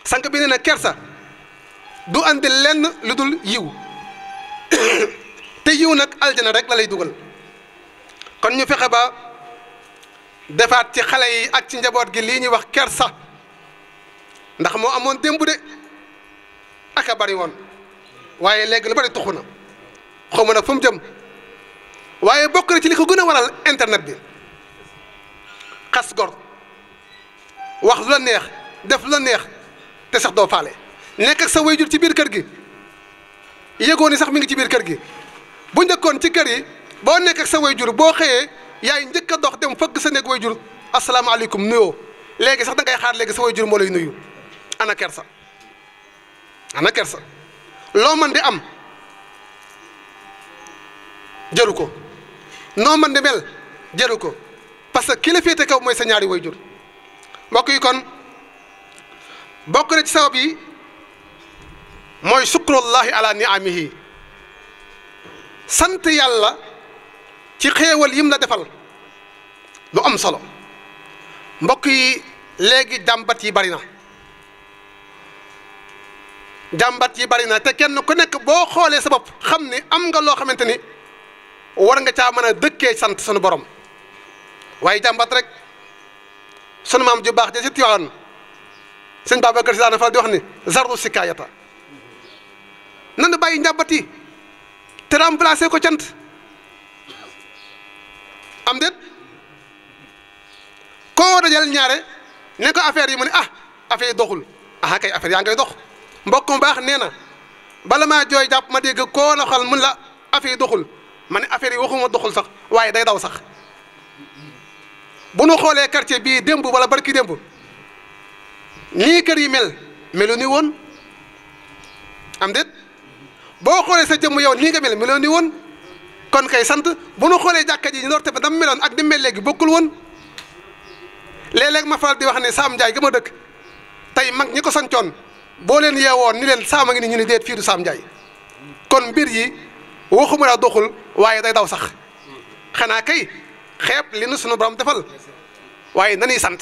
sànq bi nee na kersa du andi lenn lu dul yiw te yiw nag aljana rek la lay dugal kon ñu fexe ba defaat ci xale yi ak ci njaboot gi lii ñuy wax kersa ndax moo amoon démb de aka bari woon waaye léegi lu bari tuxu na xaw ma fu mu jëm waaye bokk na ci li ko gën a waral internet bi xas gor wax la neex def la neex te sax doo faale nekk ak sa wayjur ci biir kër gi yëgoo ni sax mi ngi ci biir kër gi bu njëkkoon ci kër yi boo nekk ak sa wayjur boo xëyee yaay njëkk a dox dem fëgg sa nekk wayjur asalaamaaleykum nuyoo léegi sax da ngay xaar léegi sa wayjur moo lay nuyu ana kersa ana kersa. loo mën di am jëru ko noo mën di mel jëru ko parce que ki kaw mooy sa ñaari way jur mbokk yi kon bokk na ci sabab yi mooy sukrullahi ala niamihi sant yàlla ci xéewal yim la defal lu am solo mbokk yi léegi jàmbat yi bari na jàmbat yi bari na te kenn ku nekk boo xoolee sa bopp xam ni am nga loo xamante ni war nga caa mën a dëkkee sant sunu borom waaye jàmbat rek sunu maam ju baax ja ci Tiwaawan sëñ Babacar Si daana fa di wax ni zarru sikaayata te remplacé ko cant am déet koo dajal ñaare ne ko affaire yi mu ne ah affaire yi doxul ah kay affaire yaa ngay dox mbokk mu baax nee na bala maa jooy jàpp ma dégg koo la xal mun la affaire yi doxul ma ne affaire yi waxuma doxul sax waaye day daw sax bu nu xoolee quartier bii démb wala barki démb nii kër yi mel melu ni woon am déet boo xoolee sa jëmm yow nii nga mel melu woon kon kay sant bu nu xoolee jàkka ji ndorte ba dam meloon ak di mel léegi bokkul woon léeg-léeg ma faral di wax ne Saam Njaay gama dëkk tey mag ñi ko sancoon boo leen yeewoon ni leen saama ngi ni ñu ne déet fii du saam njaay kon mbir yi waxuma laa doxul waaye day daw sax xanaa kay xeeb li nu sunu borom defal waaye nanuy sant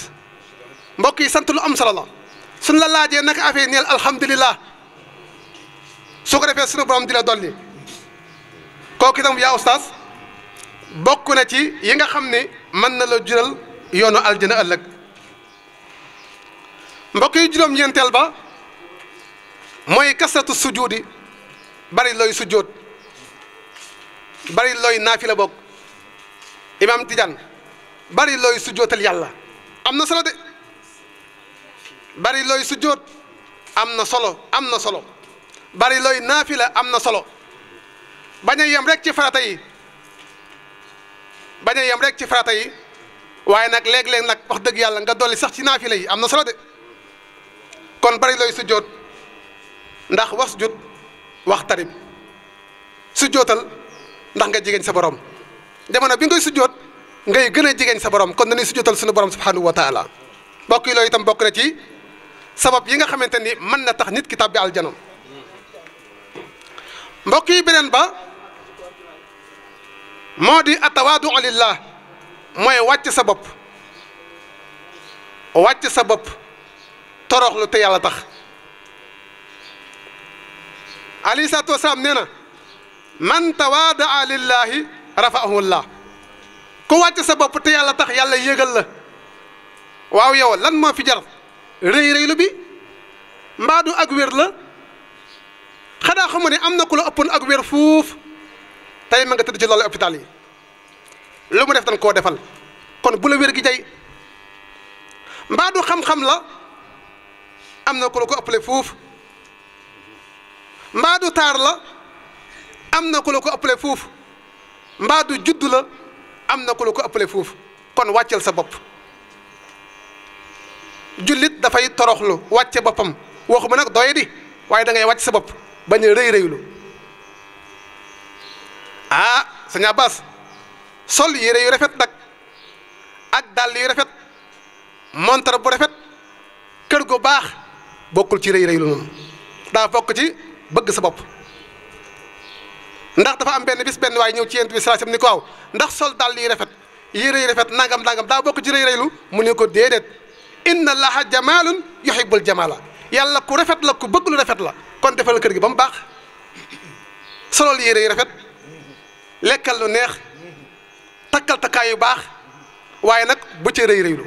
mbokk yi sant lu am solo la suñ la laajee naka affaire neel alhamdulilah su ko defee sunu borom di la dolli kooku itam yaa ustaas bokk na ci yi nga xam ne mën na la jural yoonu aljana ëllëg mbokk yi juróom-ñeenteel ba. mooy kasratu sujuudi bari looy sujood bari looy naafila bokk imaam Tijaan bari looy sujootal yàlla am na solo de bari looy sujood am na solo am na solo bari looy la am na solo bañ a yem rek ci farata yi bañ a yem rek ci farata yi waaye nag léeg-léeg nag wax dëgg yàlla nga dolli sax ci la yi am na solo de kon bari looy sujood ndax was jut wax tarib su jootal ndax nga jigéen sa borom jamono bi ngay su joot ngay gën a jigéen sa borom kon dañuy su jootal suñu borom subhanahu wa taala mbokk yi loolu na ci sabab yi nga xamante ni mën na tax nit ki tàbbi aljana mbokk yi beneen ba moo di atawaadu lillah mooy wàcc sa bopp wàcc sa bopp toroxlu te yàlla tax عليه الصلاة والسلام nee na man tawaadaa lillaahi rafaahu llah ku wàcc sa bopp te yàlla tax yàlla yëgal la waaw yow lan moo fi jar rëy rëylu bi mbaadu ak wér la xanaa xamu ne am na ku la ëppoon ak wér fuuf tey ma nga tëdd ci loolu hôpital yi lu mu def tan koo defal kon bu la wér gi jay mbaadu xam-xam la am na ku la ko ëppale fuuf mbaadu tarla, taar la am na ku la ko ëppale foofu mbaa judd la am na ku la ko kon wàcceel sa bopp jullit dafay toroxlu wàcce boppam waxuma nag doye di waaye da ngay wàcc sa bopp bañ a rëy rëylu ah sëñ Abbas sol yére yu rafet nag ak dàll yu rafet montar bu rafet kër gu baax bokkul ci rëy rëylu noonu daa bokk ci bëgg sa bopp ndax dafa am benn bis benn waaye ñëw ci yent bi sallallahu alayhi ni ko waaw ndax sol dàll yi rafet yére yi rafet nangam nangam daa bokk ci rëy rëylu mu ne ko déedéet inna allaha jamaalun yuhibbul jamaala yàlla ku rafet la ku bëgg lu rafet la kon defal kër gi ba mu baax solol yére yi rafet lekkal lu neex takkal takkaay yu baax waaye nag bu ci rëy rëylu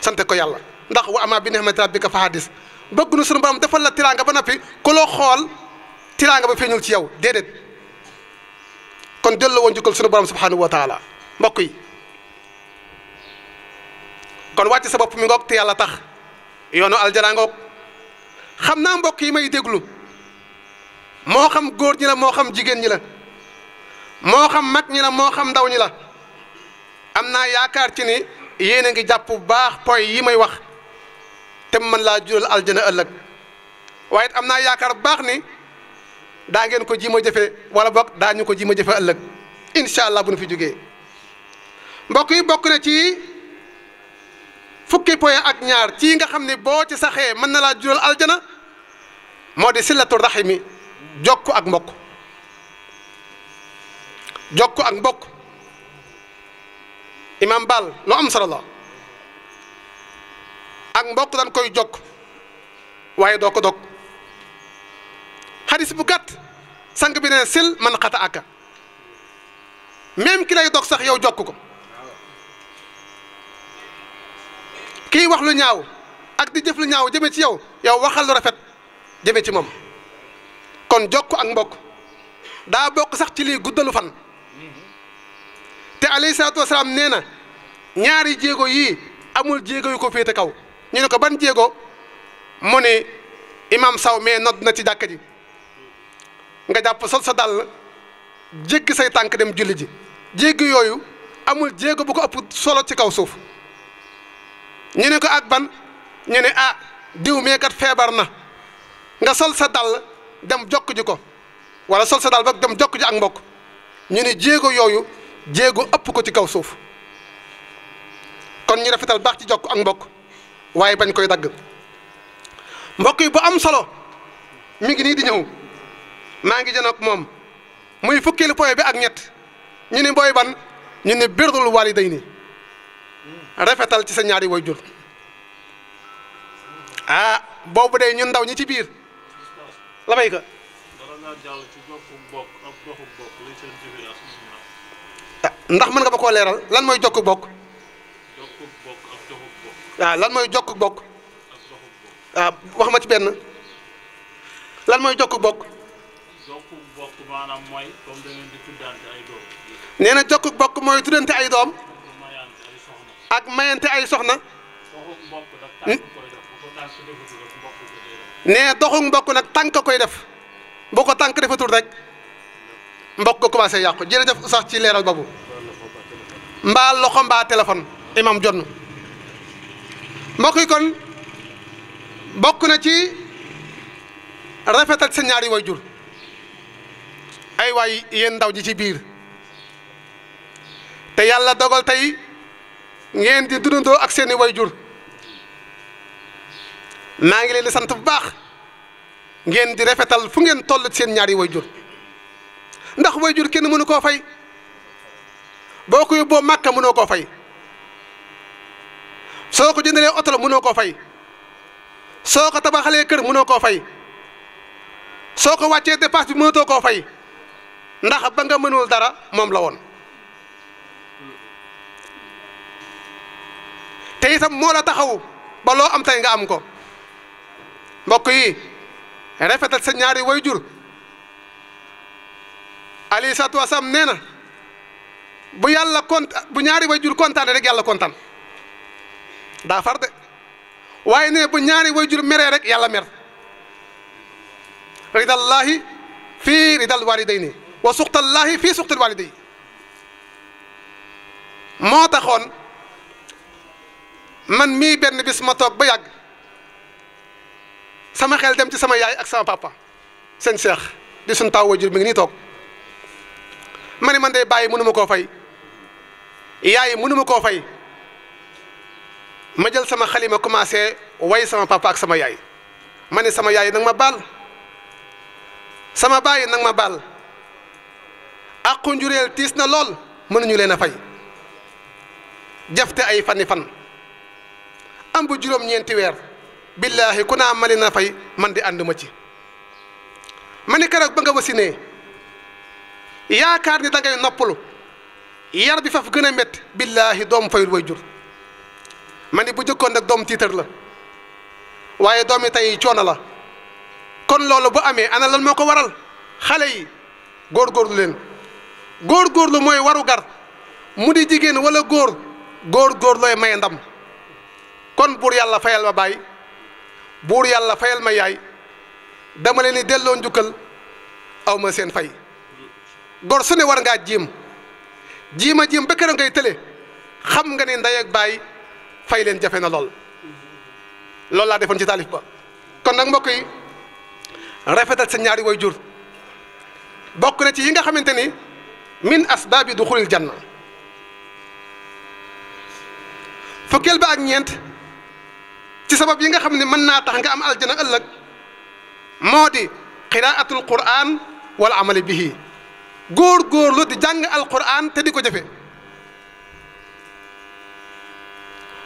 sante ko yàlla ndax wa ama bi ni'mati rabbika fa hadis bëgg nu suñu borom defal la tiranga ba nopi ku loo xool tiranga ba feñul ci yow dedet kon delloo won jukal suñu borom subhanahu wa taala mbokk yi kon wàcc sa bopp mi ngok te yalla tax yoonu aljara ngok xamna mbokk yi may deglu mo xam goor ñi la mo xam jigen ñi la mo xam mag ñi la mo xam ndaw ñi la amna yaakar ci ni ngi baax poy yi may wax te mën laa jural aljana ëllëg waaye am naa yaakaar bu baax ni daa ngeen ko jima jëfe wala bokk daa ñu ko jima jëfe ëllëg incha allah bu ñu fi jógee mbokk yi bokk na ci fukki point ak ñaar ci nga xam ne boo ci saxee mën na laa jural aljana moo di silatu mi jokk ak mbokk jokk ak mbokk imam Baal lu am solo la ak mbokk dañ koy jokk waaye dok ko dog bu gàtt sang bi ne sil man xata aka même ki lay dog sax yow jokk ko kiy wax lu ñaaw ak di jëf lu ñaaw jëme ci yow yow waxal lu rafet jëme ci kon jokku ak mbokk daa bokk sax ci lii guddalu fan te alayhi salaatu wasalaam nee ñaari jéego amul jéego yu ko féete kaw ñu ne ko ban jéego mu ne imam saw mais nodd na ci jàkka ji nga jàpp sol sa dàll jéggi say tànk dem julli ji jéggi yooyu amul jéego bu ko ëpp solo ci kaw suuf ñu ne ko ak ban ñu ne ah diw mee kat feebar na nga sol sa dàll dem jokk ji ko wala sol sa dàll ba dem jokk ji ak mbokk ñu ne jéego yooyu jéego ëpp ko ci kaw suuf kon ñu rafetal baax ci jokk ak mbokk waaye bañ koy dagg mbokk yi bu am solo mi ngi nii di ñëw maa ngi jën moom muy fukkeelu point bi ak ñett ñu ni mbooy ban ñu ni birdul walidayni rafetal ci sa ñaari waajur ah boobu de ñu ndaw ñi ci biir la may ka ah, ndax mën nga ba ko leeral lan mooy jokk bokk waaw lan mooy jokk bokk waaw ah, wax ma ci benn lan mooy jokk bokk. jokk bokk maanaam mooy comme da bokk mooy tuddante ay doom. ak mayante ay soxna. nee doxu mbokk nag tànk koy def boo ko tànk defatul rek mbokk ko commencé yàqu jërëjëf sax ci leeral boobu mbaa loxo mbaa téléphone imam jonn mbokk kon bokk na ci rafetal sa ñaari way jur ay waay yéen ndaw ji ci biir te yàlla dogal tey ngeen di dundandoo ak seeni way jur naa ngi leen di sant bu baax ngeen di rafetal fu ngeen toll seen ñaari way jur ndax way jur kenn mënu koo fay boo ko yóbboo màkka mënoo koo fay soo ko jëndalee oto la mënoo fay soo ko tabaxalee kër mëno ko fay soo ko dépasse bi mënatoo ko fay ndax ba nga mënul dara mom la won té itam mo la taxaw ba lo am tay nga am ko mbokk yi rafetal sa ñaari wayjur ali sattu asam neena bu yalla kont bu ñaari wayjur kontane rek yalla kontane da far de waye ne bu ñaari wayjur mere rek yalla mer ridallahi fii ridal walidayni wa suxtallahi fii suxtal walidayni mo taxone man mi ben bis ma tok ba yag sama xel dem ci sama yaay ak sama papa sen cheikh di sun taw wajur mi ngi tok mané man day bàyyi mënuma ko fay yaay mënuma ko fay ma jël sama xalima commencé way sama papa ak sama yaay ma sama yaay nag ma bal sama Baye nag ma bal àqu njureel tiis na lool mënuñu leen fay jafte ay fani fan am bu juróom-ñeenti weer billahi ku naa mali fay man di ànd ma ci ma ni keroog ba nga wasinee yaakaar ni da ngay noppalu yar bi faf gën a met billahi doom fayul way ma ni bu jëkkoon nag doom tiitar la waaye doomi tey coono la kon loolu bu amee ana lan moo ko waral xale yi góorgóorlu leen góorgóorlu mooy waru gar mu di jigéen wala góor góor looy may ndam kon buur yàlla fayal ma baay buur yàlla fayal ma yaay dama leen ni delloo njukkal aw seen fay gor su ne war ngaa jiim jiima jiim ba keroog ngay tële xam nga ne ndey ak baay fay leen jafe na lool loolu laa defoon ci talif ba kon nag mbokk yi rafetal sa ñaari way jur bokk na ci yi nga xamante min asbaabi duxulil janna fukkeel ba ak ñeent ci sabab yi nga xam ne mën naa tax nga am aljana ëllëg moo qiraatul quran wal amali bihi góor góorlu di jàng alquran te di ko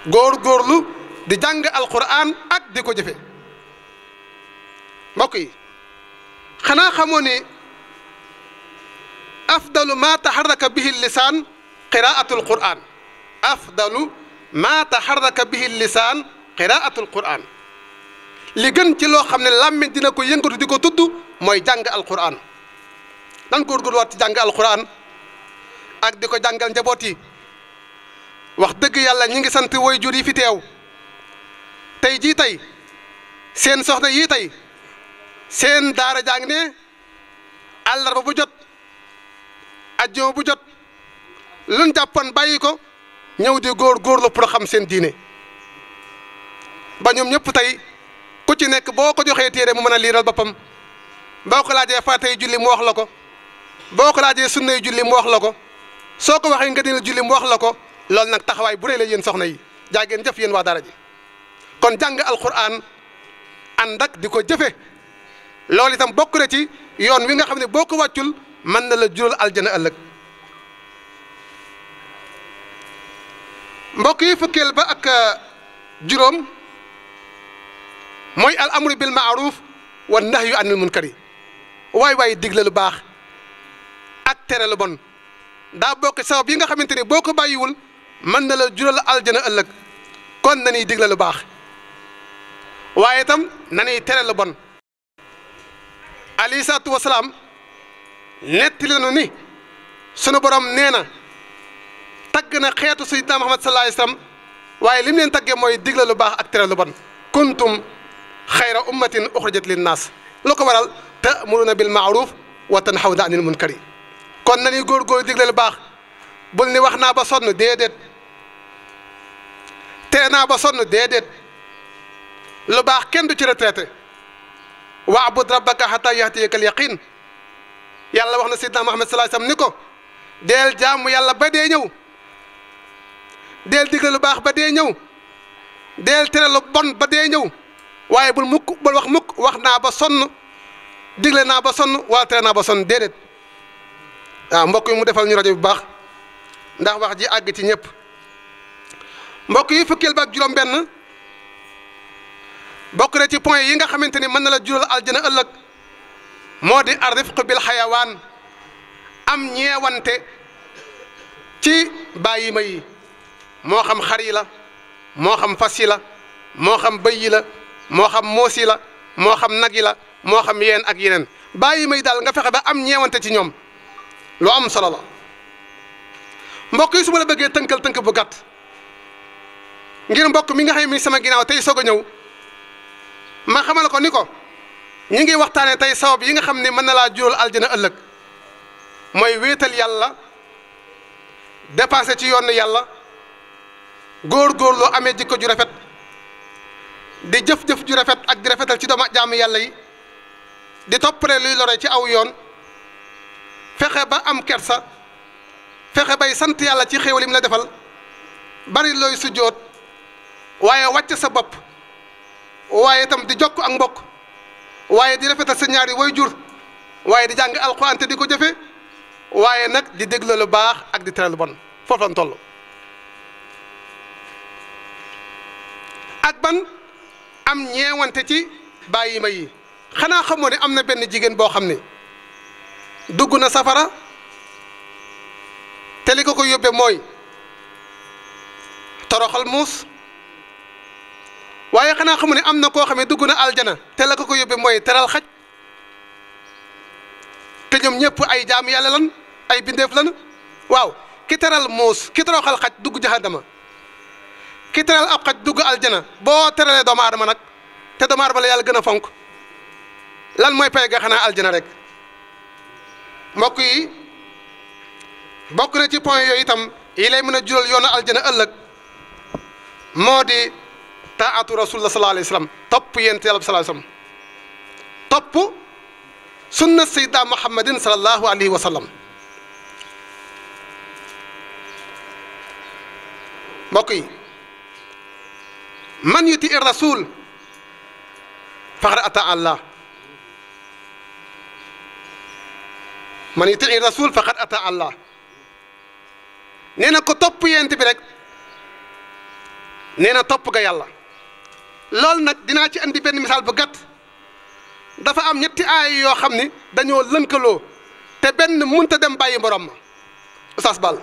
góor-góorlu di jàng alquran ak di ko jëfe mbokk yi xanaa xamoo ne afdalu ma taxarraka bihi lisaan qiraatu alquran afdalu ma taxarraka bihi lisaan qiraatu alquran li gën ci loo xam ne làmmiñ dina ko yëngatu di ko tudd mooy jàng alquran nan góor-góorluwaat ci jàng alquran ak di ko jàngal njaboot yi wax dëgg yàlla ñi ngi sant jur yi fi teew tey jii tey seen soxna yii tey seen daara ngi ne àllarba bu jot ajjuma bu jot luñ jàppoon bàyyi ko ñëw di góor góorlu pour xam seen diine ba ñoom ñëpp tey ku ci nekk boo ko joxee téere mu mën a liiral boppam boo ko laajee faatey julli mu wax la ko boo ko laajee sunnay julli mu wax la ko soo ko waxee nga dina julli mu wax la ko loolu nak taxaway bu rëy la yéen soxna yi jaa ngeen jëf yéen wa dara ji kon jàng alquran andak diko jëfe loolu itam bokku na ci yoon wi nga xamne boko wàccul man na la jural aljana ëlëk mbokk yi fukkeel ba ak juróom mooy al amru bil maaruf wa nahyu anil munkari waay waay digle lu baax ak tere lu bon daa bokk sabab yi nga xamante ni boo ko bàyyiwul man na la jural aljana ëllëg kon nañuy digle lu baax waaye itam nañuy tere lu bon alayhi salaatu wasalaam netti lanu ni sunu borom nee na tagg na xeetu Muhammad sallallahu alayhi wasallam waaye li mu leen taggee mooy digle lu baax ak tere lu bon kuntum xayra ummatin uxrijat linnaas lu ko waral muruna bil ma'ruf wa tanhawna anil munkari kon nañuy góorgóor digle lu baax bul ni wax naa ba sonn déedéet tee naa ba sonn déedéet lu baax kenn du ci retraité waabud rabbaka hatta yahtiyaka al yaqin yàlla wax na sidna Muhammad sallallahu alayhi ni ko deel jaamu yàlla ba dee ñëw deel digle lu baax ba dee ñëw deel tere lu bon ba dee ñëw waaye bul mukk bul wax mukk wax naa ba sonn digle naa ba sonn wala tere naa ba sonn déedéet waaw mbokk yi mu defal ñu rajo bu baax ndax wax ji àgg ci ñëpp mbokk yi fukkeel ba ak juróom benn bokk na ci point yi nga xamante ni mën na la jural aljana ëllëg moo di arifq bil xayawaan am ñeewante ci bàyyi ma yi moo xam xar yi la moo xam fas yi la moo xam bëy yi la moo xam moos yi la moo xam nag yi la moo xam yeen ak yeneen bàyyi may daal nga fexe ba am ñeewante ci ñoom lu am solo la mbokk yi su ma la bëggee tënkal tënk bu gàtt ngir mbokk mi nga xam sama ginnaaw tey soog a ñëw ma xamal ko ni ko ñu ngiy waxtaanee tey sabab yi nga xam ne mën na laa jural aljana ëllëg mooy wéetal yàlla dépassé ci yoon yàlla góor-góorloo amee jikko ju rafet di jëf-jëf ju rafet ak di rafetal ci doomu jàmm yàlla yi di toppale luy lore ci aw yoon fexe ba am kersa fexe bay sant yàlla ci xéewal yi la defal bari looy sujjóot waaye wàcc sa bopp waaye tam di jokk ak mbokk waaye di rafetal sa ñaari jur waaye di jàng alxuraan te di ko jëfe waaye nag di déglu lu baax ak di tere lu bon foofu lañ ak ban am ñeewante ci bàyyi ma yi xanaa xamoo ne am na benn jigéen boo xam ne dugg na safara te li ko ko yóbbee mooy toroxal muus waaye xanaa xamu ni am na koo xam ne dugg na aljana te la ko ko yóbbee mooy teral xaj te ñoom ñëpp ay jaam yàlla lan ay bindeef lan waaw ki teral muus ki toroxal xaj dugg jahannama ki teral ab xaj dugg aljana boo teralee doomu aadama nag te doomu aadama la yàlla gën a fonk lan mooy pay ga xanaa aljana rek mbokk yi bokk na ci point yooyu itam yi lay mën a jural yoonu aljana ëllëg moo di taatu rasulullah sallallahu alayhi wa sallam topp yent yàlla bi sallallahu alayhi wa sallam topp sunna sayidna muhammadin sallallahu alayhi wa sallam mbokk yi man yuti i rasul faxar ata allah man yuti i rasul faxar ata allah nee na ko topp yent bi rek nee na topp ga yàlla loolu nag dinaa ci andi benn misaal bu gàtt dafa am ñetti aay yoo xam ni dañoo lënkaloo te benn munta dem bàyyi borom ma Oustaz Bal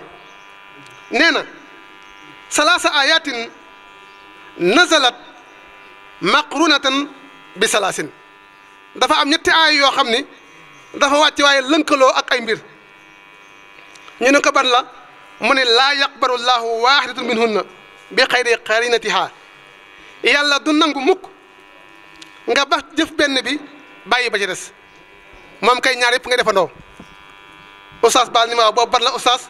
nee na salaasa ayatin nazalat maqrunatan bi salaasin dafa am ñetti aay yoo xam ni dafa wàcc waaye lënkaloo ak ay mbir ñu ne ko ban la mu ne laa yaqbaru llaahu waaxidatun minhunna bi xayri qarinatiha yàlla du nangu mukk nga ba jëf benn bi bàyyi ba ci des moom kay ñaar yëpp nga defandoo ustaas baal ni ma boobu bat la ustaas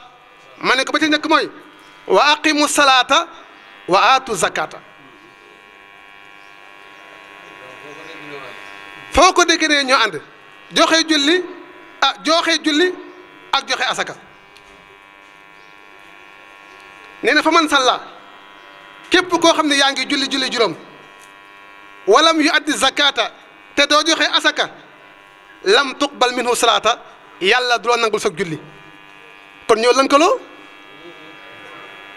ma ne ko ba ci njëkk mooy wa aqimu salaata wa aatu zakata foo ko dégg ne ñoo ànd joxe julli ak joxe asaka nee na fa man salla كيف كو خامني يانغي جولي جولي جوروم ولم يؤد الزكاه تدو جوخي اسكا لم تقبل منه صلاه يالا دولا نانغول سوك جولي كون نيو لان كلو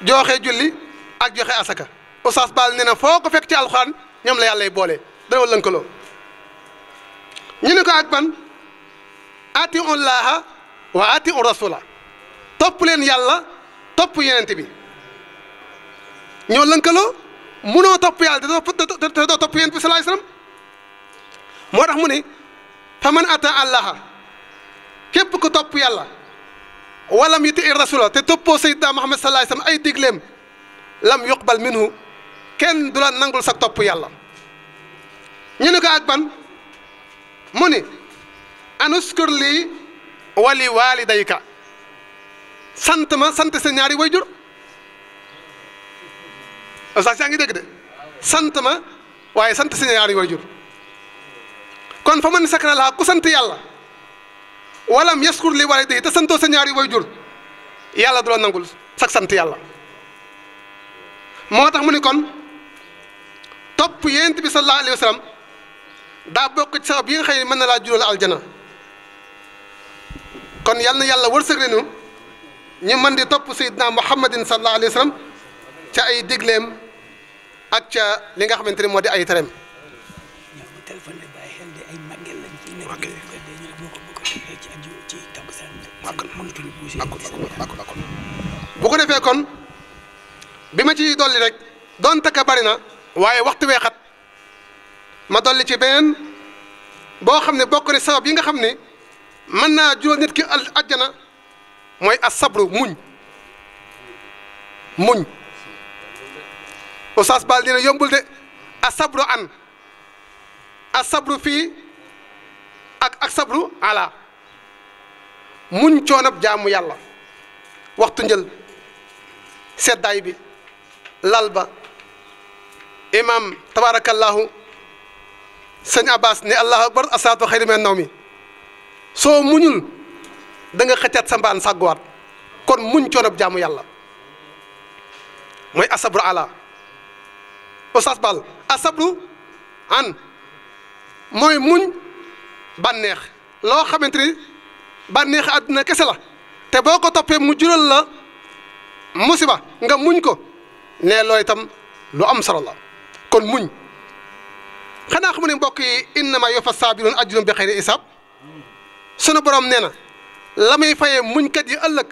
جوخي جولي اك جوخي اسكا استاذ بال نينا فوكو فك تي القران نيوم لا يالا بولي دو لان كلو ني نكو اك بان اتي الله واتي الرسول توب لين توب يننتي بي ñoo lënkaloo munoo topp yàlla te top da doo topp yent bi salaay salaam moo tax mu ne ata allah kep ko top yalla walam yuti Rasulullah rasula te topo sayyidina muhammad alayhi wasallam ay diglem lam yuqbal minhu Ken dula nangul sa top yalla ñu ne ko ak ban mu ne anuskur li wali walidayka sant ma sant se ñaari wayjur oustaz yaa ngi dégg de sant ma waaye sant seen ñaari waajur kon fa man sakara laa ku sant yàlla walam yaskur li walidayhi te santoo sa ñaari waajur yàlla du la nangul sax sant yàlla moo tax mu ni kon topp yonent bi sallallahu alayhi wa sallam daa bokk sabab yi nga xëy mën na laa jural aljana kon yàlla na yàlla wërsëg nañu ñu mën di topp sayyidina muhammadin sallallahu alayhi wa sallam ci digleem ak ca li nga xamante ne moo di ay tereem. bu ko defee kon bi ma ci dolli rek doon takka bari na waaye waxtu wee xat ma dolli ci beneen boo xam ne bokk ne sabab yi nga xam ne mën naa jural nit ki àjjana mooy as sabru muñ muñ Oustaz Baal dina yombul de asabru an asabru fii ak ak sabru ala muñ coonab jaamu yàlla waxtu njël seddaay bi lal ba imaam tabarakallahu sëñ abbas ne allahu akbar asalaatu xayru min nawmi soo muñul danga nga xëccaat sa mbaan sàgguwaat kon muñ coonab jaamu yàlla mooy asabru ala Oustaz Bal asabru an mooy muñ banneex loo xamante ni bànneex àdduna kese la te boo ko toppee mu jural la musiba nga muñ ko ne loo itam lu am solo la kon muñ xanaa xam ne mbokk yi innama yofa saabiroon ajrum bi xayri isab sunu borom nee na la muy fayee muñkat yi ëllëg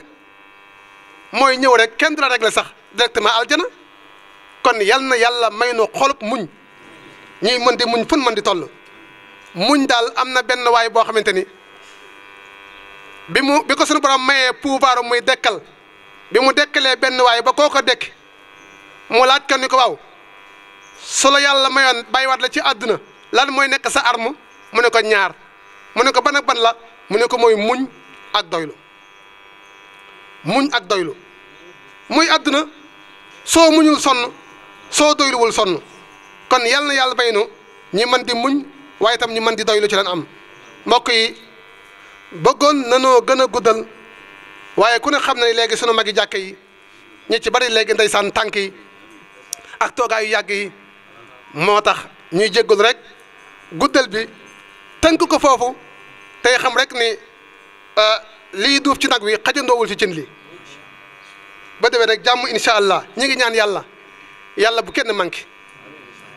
mooy ñëw rek kenn du la régler sax directement aljana kon yal na yàlla may nu xolub muñ ñuy mën di muñ fun mën di toll muñ daal am na benn waay boo xamante ni bi mu bi ko suñu borom mayee pouvoir muy dekkal bi mu dekkalee benn waay ba koo ko dekk mu laaj kan ni ko waaw su la yàlla mayoon bàyyiwaat la ci àdduna lan mooy nekk sa arme mu ne ko ñaar mu ne ko ban ban la mu ne ko mooy muñ ak doylu muñ ak doylu muy àdduna soo muñul sonn soo doyluwul sonn kon yal na bay baynu ñi man di muñ waaye itam ñi man di doylu ci leen am mbokk yi bëggoon nanoo gën a guddal waaye ku ne xam ne léegi sunu magi jàkk yi ñu ci bari léegi ndeysaan tànk yi ak toogaayu yàgg yi moo tax ñuy jéggul rek guddal bi tënk ko foofu tey xam rek ni euh, lii duuf ci nag wi xajandoowul ci cin li ba déwén rek jàmm incha allah ñi ngi ñaan yàlla يالا بوكيت نمانكي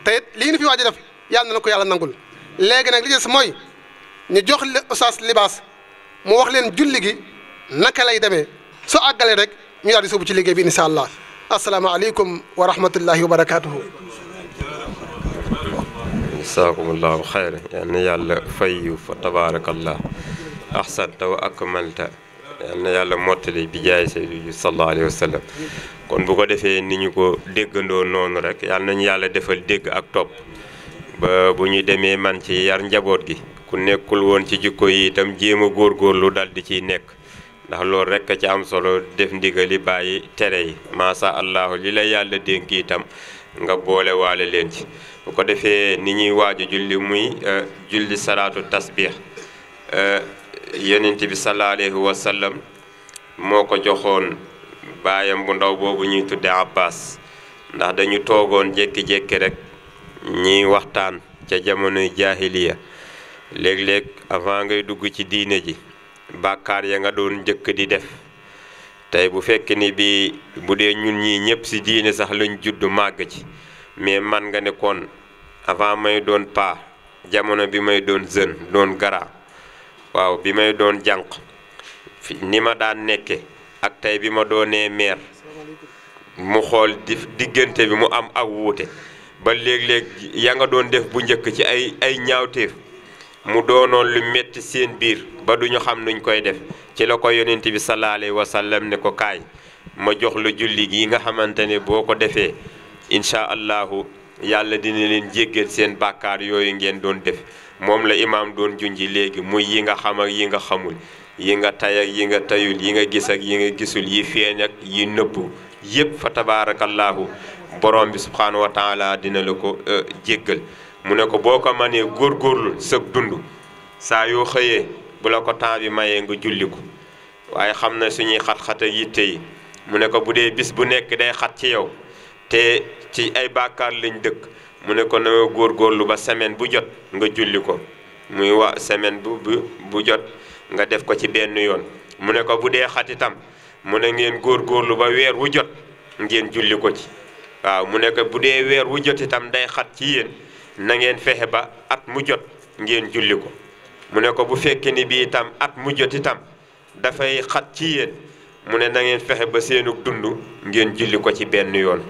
تيت لين في واجي داف يالا نكو يالا نانغول لغي نك ليس موي ني جوخ لاستاذ لباس مو واخ لين جولي غي نكا لاي دامي سو اغالي ريك ني يادي سوبو تي ليغي بي ان شاء الله السلام عليكم ورحمه الله وبركاته جزاكم الله خير يعني يالا فاي فتبارك الله احسنت واكملت alna yàlla mottali bi jaay seydi salallahu alayhi wa sallam kon bu ko defee ni ñu ko déggandoo noonu rek yàlla nañu yàlla defal dégg ak topp ba bu ñu demee man ci yar njaboot gi ku nekkul woon ci jikko yi itam jéem a góorgóorlu dal di ciy nekk ndax loolu rek ci am solo def ndigali bàyyi tere yi masa allahu li la yàlla dénk itam nga boole waale leen ci bu ko defee ni ñuy waajo julli muy euh, julli salaatu tasbix euh, yenente bi sal alayhi wasallam moo ko joxoon bàyyam bu ndaw boobu ñuy tuddee abbas ndax dañu toogoon jekki jekki rek ñuy waxtaan ca jamonoy jahiliya léeg-léeg avant ngay dugg ci diine ji bàkkaar ya nga doon njëkk di def tey bu fekk ni bi bu dee ñun ñii ñëpp si diine sax lañ judd màgg ci mais man nga ne kon avant may doon paa jamono bi may doon jeune doon garaa waaw bi may doon jànq ni ma daan nekke ak tey bi ma doonee meer mu xool diggante bi mu am ak wuute ba léeg-léeg ya nga doon def bu njëkk ci ay ay ñaawteef mu doonoon lu métti seen biir ba duñu xam nuñ koy def ci la ko yonent bi sala alayhi wa sallam ne ko kaay ma jox la julli gi nga xamante ne boo ko defee incha allahu yàlla dina leen jéggeel seen bàkkaar yooyu ngeen doon def moom la imaam doon junji léegi muy yi nga xam ak yi nga xamul yi nga tey ak yi nga tayul yi nga gis ak yi nga gisul yi feeñ ak yi nëbbu yépp fa tabaarakallaahu borom bi subhaanahu wa taala dina la ko euh, jéggal mu ne ko boo ko manee góor góorlu sëg dund saa yoo xëyee bu la ko temps bi mayee nga julli ko waaye xam na suñuy xat-xat ak yitte yi mu ne ko bu dee bis bu nekk day xat ci yow te ci ay bàkkaar lañ dëkk mu ne ko na nga góorgóorlu ba semaine bu jot nga julli ko muy wa semaine bu bu jot nga def ko ci benn yoon mu ne ko bu dee xat itam mu ne ngeen góor góorlu ba weer wu jot ngeen julli ko ci waaw mu ne ko bu dee weer wu jot itam day xat ci yéen na ngeen fexe ba at mu jot ngeen julli ko mu ne ko bu fekkee ni bii itam at mu jot itam dafay xat ci yéen mu ne na ngeen fexe ba seenu dund ngeen julli ko ci benn yoon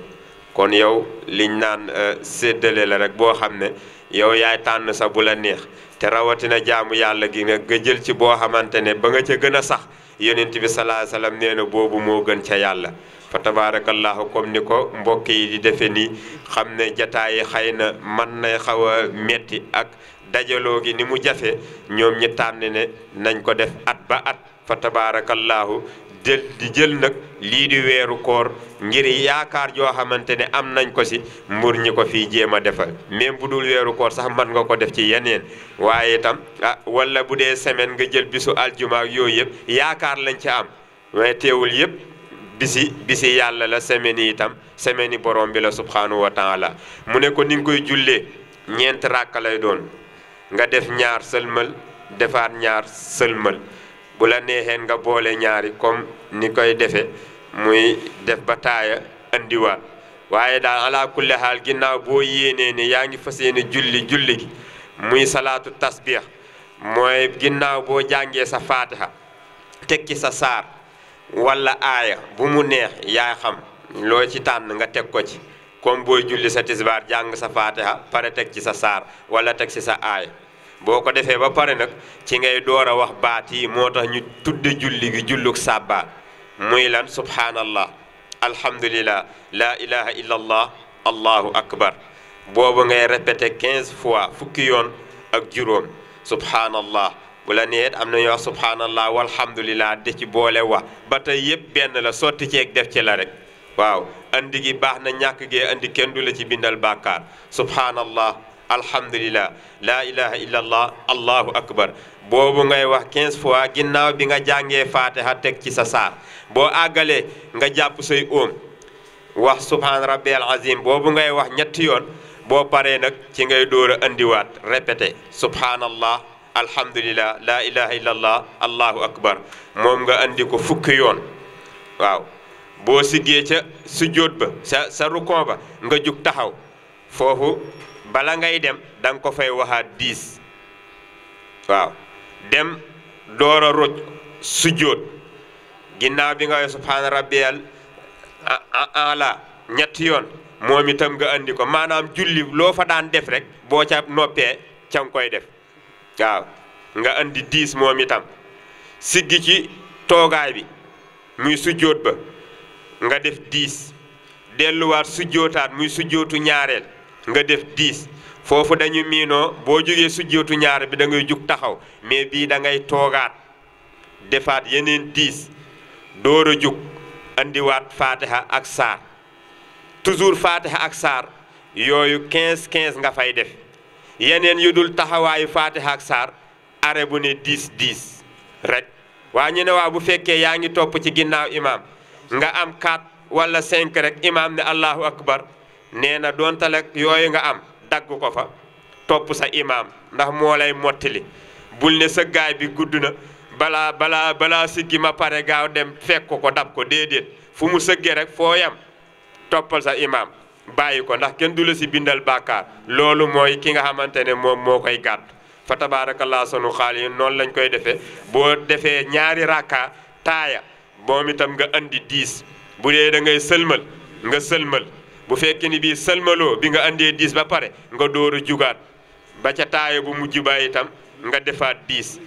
kon yow liñ naan euh, séddale la rek boo xam ne yow yaay tànn sa bu la neex te rawatina jaamu yàlla gi nga jël ci boo xamante ne ba nga ca gën a sax yonent bi salaa salaam nee na boobu moo gën ca yàlla fa tabaarakallaahu comme ni ko mbokk yi di defe nii xam ne jataay yi xëy na man na xaw a metti ak dajaloo gi ni mu jafe ñoom ñi tànn ne nañ ko def at ba at fa tabaarakallaahu jël di jël nag lii di weeru koor ngir yaakaar joo xamante ne am nañ ko si mbur ñi ko fii jéem a defal même bu dul weeru koor sax man nga ko def ci yeneen waaye itam ah wala bu dee semaine nga jël bisu aljuma yooyu yëpp yaakaar lañ ci am waaye teewul yëpp bisi bisi yàlla la semaine itam semaine yi borom bi la subhanahu wa taala mu ne ko ni koy jullee ñeent ràkka lay doon nga def ñaar sëlmal defaat ñaar sëlmal bu la neexeen nga boole ñaari comme ni koy defe muy def ba taaya andiwaat waaye daal alaakule xaal ginnaaw boo yéenee ne yaa ngi fas yéene julli julli gi muy salaatu tasbix mooy ginnaaw boo jàngee sa faatiha ci sa saar wala aaya bu mu neex yaa xam loo ci tànn nga teg ko ci comme booy julli sa tisbaar jàng sa faatiha pare teg ci sa saar wala teg ci sa aaya boo ko defee ba pare nag ci ngay door a wax baat yi moo tax ñu tudd julli gi julluk sàbbaat muy lan subhanallah alhamdulillah la ilaha illallah allahu akbar boobu ngay répété 15 fois fukki yoon ak juróom subhanallah wala neet am na yoo subhanallah walhamdulillah de ci boole wa ba tey yépp benn la sotti ceeg def ci la rek waaw andi gi baax na ñàkk gee andi kenn du la ci bindal bàkkaar subhanallah alhamdulillah laa ilaha illa allahu akbar boobu ngay wax 15 fois ginnaaw bi nga jàngee faate fatiha teg ci sa saar boo àggalee nga jàpp say óom wax subhaan rabbi al azim boobu ngay wax ñetti yoon boo paree nag ci ngay doora indiwaat andiwaat répété subhaanallah alhamdulillah laa ilaha illa allah allahu akbar moom nga indi ko fukk yoon waaw boo siggee ca sujjóot ba sa sa ba nga jug taxaw foofu bala ngay dem da ko fay waxaat diis waaw dem door a roj sujjóot ginnaaw bi nga waxee subhaana rabbiyal ala ñetti yoon moom itam nga indi ko maanaam julli loo fa daan def rek boo ca noppee ca koy def waaw nga andi diis moom itam siggi ci toogaay bi muy sujjóot ba nga def diis delluwaat sujjóotaat muy sujjóotu ñaareel nga def dix foofu dañu miinoo boo jógee sujjootu ñaar bi da ngay jug taxaw mais bii da ngay toogaat defaat yeneen dix door a jug andiwaat faatiha ak saar toujours faatiha ak saar yooyu 15 15 nga fay def yeneen yu dul taxawaayu faatiha ak saar are bu ne 10 10 rek waa ñu ne waa bu fekkee yaa ngi topp ci ginnaaw imaam nga am 4 wala 5 rek imaam ne allahu akbar nee na doontale yooyu nga am dagg ko fa topp sa imaam ndax moo lay mottali bul ne sa gaay bi gudd na balaa balaa balaa siggi ma pare gaaw dem fekk ko dab ko déedéet fu mu sëggee rek foo yam toppal sa imaam bàyyi ko ndax kenn du la si bindal bàkkaar loolu mooy ki nga xamante ne moom moo koy gàtt fa tabaarakallaa sunu xaal yi noonu lañ koy defee boo defee ñaari rakka taaya moom itam nga andi diis bu dee da ngay sëlmal nga sëlmal bu fekkee ni bii sëlmaloo bi nga indee diis ba pare nga door a jugaat ba ca taaya bu mujj ba itam nga defaat diis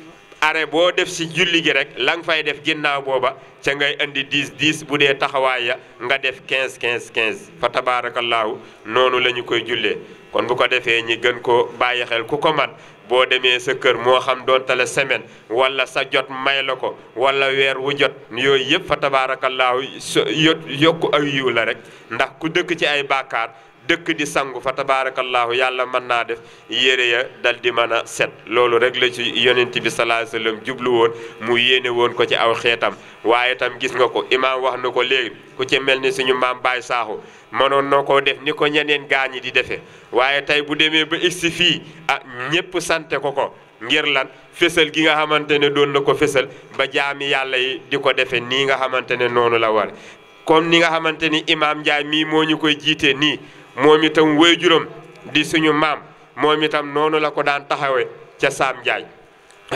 arrêt boo def si julli gi rek la nga fay def ginnaaw booba ca ngay indi diis diis bu dee taxawaay ya nga def quinze quinze quinze fa tabaarakallaahu noonu lañu koy jullee kon bu ko defee ñi gën koo bàyyi xel ku ko man boo demee sa kër moo xam doonte la semaine wala sa jot may la ko wala weer wu jot yooyu yëpp fa tabaarakallaahu yot yokk ay yiw la rek ndax ku dëkk ci ay bàkkaar dëkk di sangu fa tabaarakallaahu yàlla man naa def yére ya dal di mën a set loolu rek la ci yonent bi sallallahu alayhi wa sallam jublu mu yéene woon ko ci aw xeetam waaye tam gis nga ko imaam wax na ko léegi ku ci mel ni suñu maam Baye Sakho mënoon na koo def ni ko ñeneen gaa di defee waaye tey bu demee ba egsi fii ah ñépp sante ko ko ngir lan fésal gi nga xamante ne doon na ko fésal ba jaami yàlla yi di ko defee nii nga xamante ne noonu la war comme ni nga xamante nii moom itam juróom di suñu maam moom itam noonu la ko daan taxawe ca Saam Njaay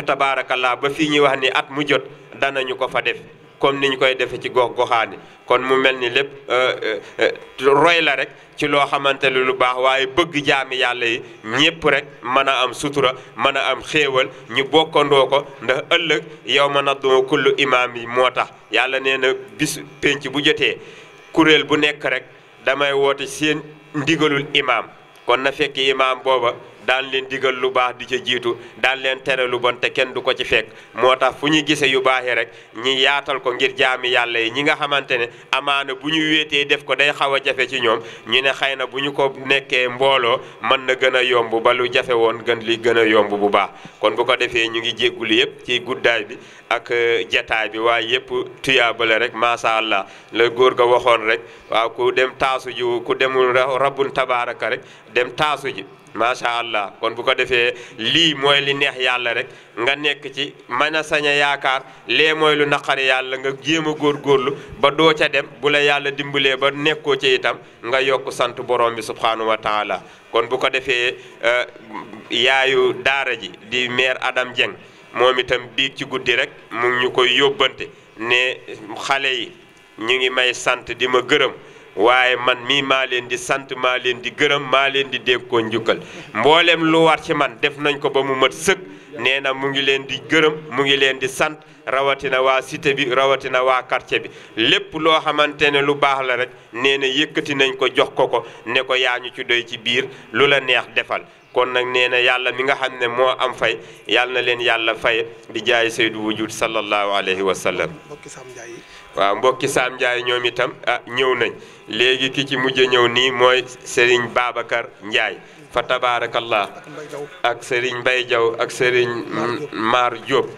tabaarakallaa ba fii ñuy wax ni at mu jot danañu ko fa def comme ñu koy defee ci gox goxaani kon mu mel ni lépp euh, euh, euh, roy la rek ci loo xamante ne lu baax waaye bëgg jaami yàlla yi ñépp rek mën a am sutura mën a am xéewal ñu bokkandoo ko ndax ëllëg yow ma nadduma kullu imaam yi moo tax yàlla nee na bis penc bu jotee kuréel bu nekk rek damay woote siin ndigalul imam kon na fekk imam booba daan leen digal lu baax di ca jiitu daan leen tere lu bon te kenn du ko ci fekk moo tax fu ñu gisee yu baax yi rek ñi yaatal ko ngir jaami yàlla yi ñi nga xamante ne amaana bu ñu wéetee def ko day xaw a jafe ci ñoom ñu ne xay na bu ñu ko nekkee mbooloo mën na gën a yomb ba lu jafe woon gën li gën a yomb bu baax kon bu ko defee ñu ngi jéggulu yépp ci guddaay bi ak euh, jataay bi waaye yépp tuyaabale rek macha allah la góor ga waxoon rek waa ku dem taasu ji ku demul rabun tabaaraka rek dem taasu ji macha allah kon bu ko defee lii mooy li neex yàlla rek nga nekk ci mën a yaakaar lee mooy lu naqari yàlla nga jéem a góorlu ba doo ca dem bu la yàlla dimbalee ba nekkoo ci itam nga yokk sant borom bi subhanahu wa taala kon bu ko defee euh, yaayu daara ji di maire Adam Dieng moom itam biig ci guddi rek mu ñu koy yóbbante ne xale yi ñu ngi may sant di ma gërëm. waaye man mii maa leen di sant maa leen di gërëm maa leen di dégg ko njukkal mboolem lu war ci man def nañ ko ba mu mat sëkk nee na mu ngi leen di gërëm mu ngi leen di sant rawatina waa cité bi rawatina waa quartier bi lépp loo xamante ne lu baax la rek nee na yëkkati nañ ko jox ko ko ne ko yaa ñu ci doy ci biir lu la neex defal kon nag nee na yàlla mi nga xam ne moo am fay yàlla na leen yàlla fay di jaay Seydou Wujud sallallahu alayhi wa sallam. waaw mbokki Saam Ndiaye ñoom itam ah ñëw nañ léegi ki ci mujj ñëw nii mooy Serigne Babacar Ndiaye fa tabaarakallah ak Serigne Mbaye Diaw ak Serigne Mar Diop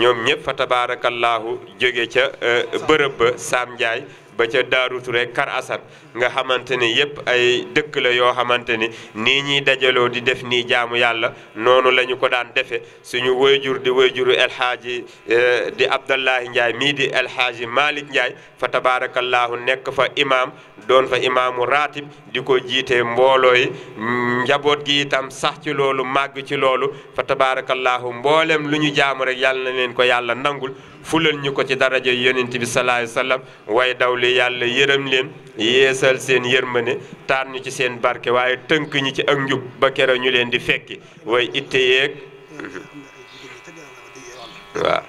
ñoom ñëpp fa tabaarakallaahu jóge ca eh, bëréb ba Saam Ndiaye ba ca Daaru Touré Kar Assane nga xamante ne yépp ay dëkk la yoo xamante ni nii ñuy dajaloo di def nii jaamu yàlla noonu la ñu ko daan defee suñu wayjur di wayjuru El Hadji eh, di Abdallahi Ndiaye mii di El Hadji Malick Ndiaye fa tabaarakallaahu nekk fa imaam doon fa imaamu raatib di ko jiite mboolooy mm, njaboot gi itam sax ci loolu màgg ci loolu fa tabaarakallaahu mboolem lu ñu jaamu rek yàlla na leen ko yàlla nangul fulal ñu ko ci daraja yonent bi salaay sallam waaye daw li yàlla yërëm leen yeesal seen yërmane taar ñu ci seen barke waaye tënk ñi ci ak njub ba keroog ñu leen di fekki waaye itte yeeg waaw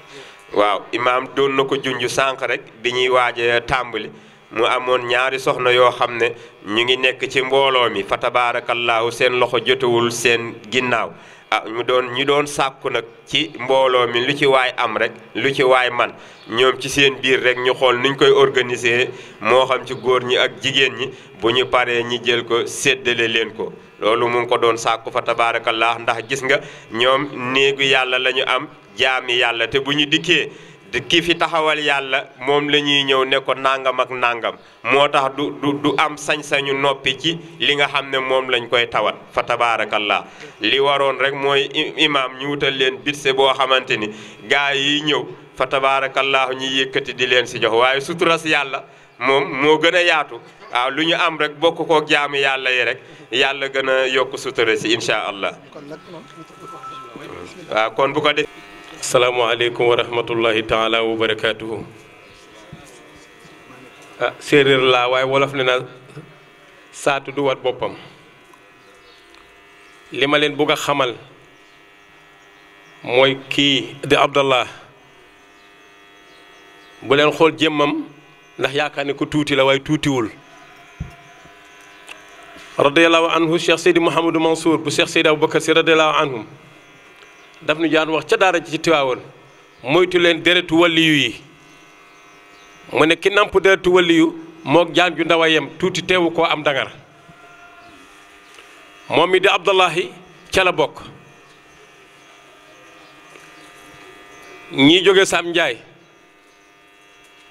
waaw imaam doon na ko junj sànq rek bi ñuy waaje tàmbali mu amoon ñaari soxna yoo xam ne ñu ngi nekk ci mbooloo mi fa tabaarakallaahu seen loxo jotewul seen ginnaaw ah mu doon ñu doon sàkku nag ci mbooloo mi lu ci waay am rek lu ci waay man ñoom ci seen biir rek ñu xool nuñ koy organiser moo ci góor ñi ak jigéen ñi bu ñu paree ñi jël ko séddale leen ko loolu ko doon sàkku fa ndax gis nga ñoom néegu yàlla lañu am jaami yàlla te bu ñu dikkee ki fi taxawal yàlla moom lañuy ñëw ne nangam ak nangam moo tax du du am sañ-sañu noppi ci li nga xam ne moom lañ koy tawat fa tabaarakallah li waroon rek mooy imaam ñu wutal leen bitse boo xamante ni gaa yi ñëw fa tabaarakallah ñu yëkkati di leen si jox waaye suturas yàlla moom moo gën a yaatu waaw lu ñu am rek bokk koo jaamu yàlla yi rek yàlla gën a yokk sutura si incha allah waaw kon bu ko def asalaamualeykum wa rahmatullahi taala wa barakaatuhu ah séeréer laa waaye wolof ne na saatu du wat boppam li ma leen bugg a xamal mooy kii di Abdallah bu leen xool jëmmam ndax yaakaar ne ko tuuti la waaye tuutiwul radiyallahu anhu Cheikh Seydi Mouhamadou Mansour bu Cheikh Seydi Aboubacar si radiyallahu anhum daf nu jaan wax ca daara ci Tiwaawoon moytu leen deretu waliyu yi mu ne ki namp deretu waliyu moog jaan ju ndaw tuuti teewu koo am dangar moom mi di Abdullahi ca la bokk ñii jóge Saam Njaay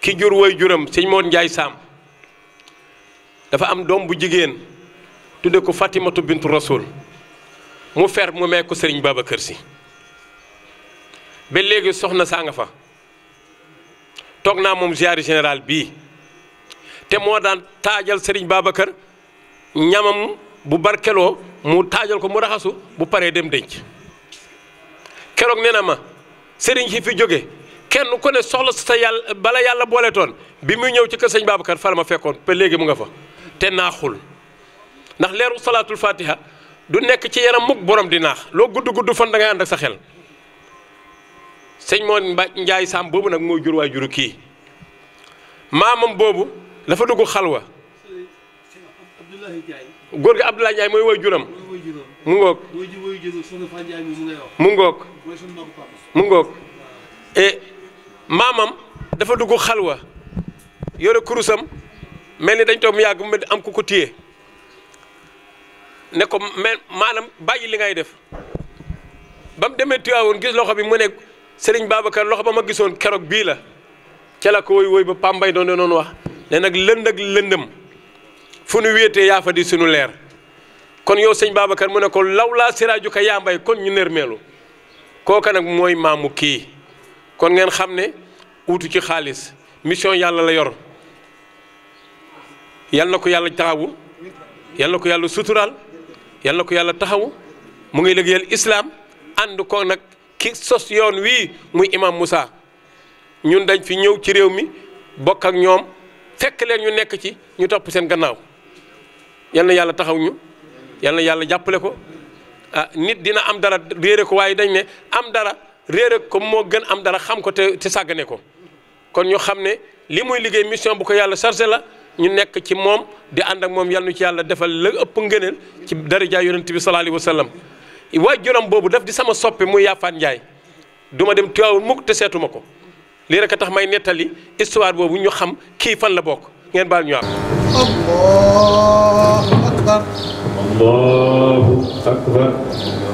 ki jur woy juram sëñ Moon Njaay Saam dafa am doom bu jigéen tudde ko Fatimatu bintu Rasul mu fer mu mee ko sëriñ kër Si ba léegi soxna saa nga fa toog naa moom ziyaari général bii te moo daan taajal Serigne Babacar ñamam bu barkeloo mu taajal ko mu raxasu bu paree dem denc keroog nee na ma Serigne si fi jóge kenn ku ne soxla sa yàlla bala yàlla boole toon bi muy ñëw ci kër sëñ Babacar fala ma fekkoon ba léegi mu nga fa te naaxul ndax leeru salaatul fatiha du nekk ci yaram mukk borom di naax loo gudd gudd fan da ngay ànd ak sa xel. sëñ Mor Njaay Saam boobu nag mooy jur waay juru kii maamam boobu dafa dugg xalwa góor gi Abdoulaye Njaay mooy woy juram mu ngoog mu ngoog mu ngoog e maamam dafa dugg xalwa yore kurusam mel ni dañ toog mu yàgg mu am ku ko téye ne ko mel maanaam bàyyi li ngay def bam mu demee Tiwaawoon gis loxo bi mu nekk sëriñ Babacar loxo ba ma gisoon keroog bii la ca la woy woy ba pambay doon doon wax ne nag lënd ak lëndëm fu nu wéetee yaa fa di sunu leer kon yow sëñ Babacar mu ne ko law laa siraaju ko yaambay kon ñu nërmeelu kooka nag mooy maamu kii kon ngeen xam ne wutu ci xaalis mission yàlla la yor yal na ko yàlla taxawu yal ko yàlla suturaal yal ko yàlla taxawu mu ngi liggéeyal islaam ànd ko nag ki sos yoon wii muy imam Moussa ñun dañ fi ñëw ci réew mi bokk ak ñoom fekk leen ñu nekk ci ñu topp seen gannaaw yal na yàlla taxaw ñu yal na yàlla jàppale ko ah nit dina am dara réere ko waaye dañ ne am dara réere ko moo gën am dara xam ko te te sàggane ko kon ñu xam ne li muy liggéey mission bu ko yàlla chargé la ñu nekk ci moom di ànd ak moom yal na ci yàlla defal la ëpp ngëneel ci daraja yonent bi sallallahu alayhi wa sallam waajuram boobu daf di sama soppe muy Yaafaan Njaay du ma dem Tiwaawan mukk te seetuma ko lii rek a tax may nettali histoire boobu ñu xam kii fan la bokk ngeen baal ñu am. allahu akbar allahu akbar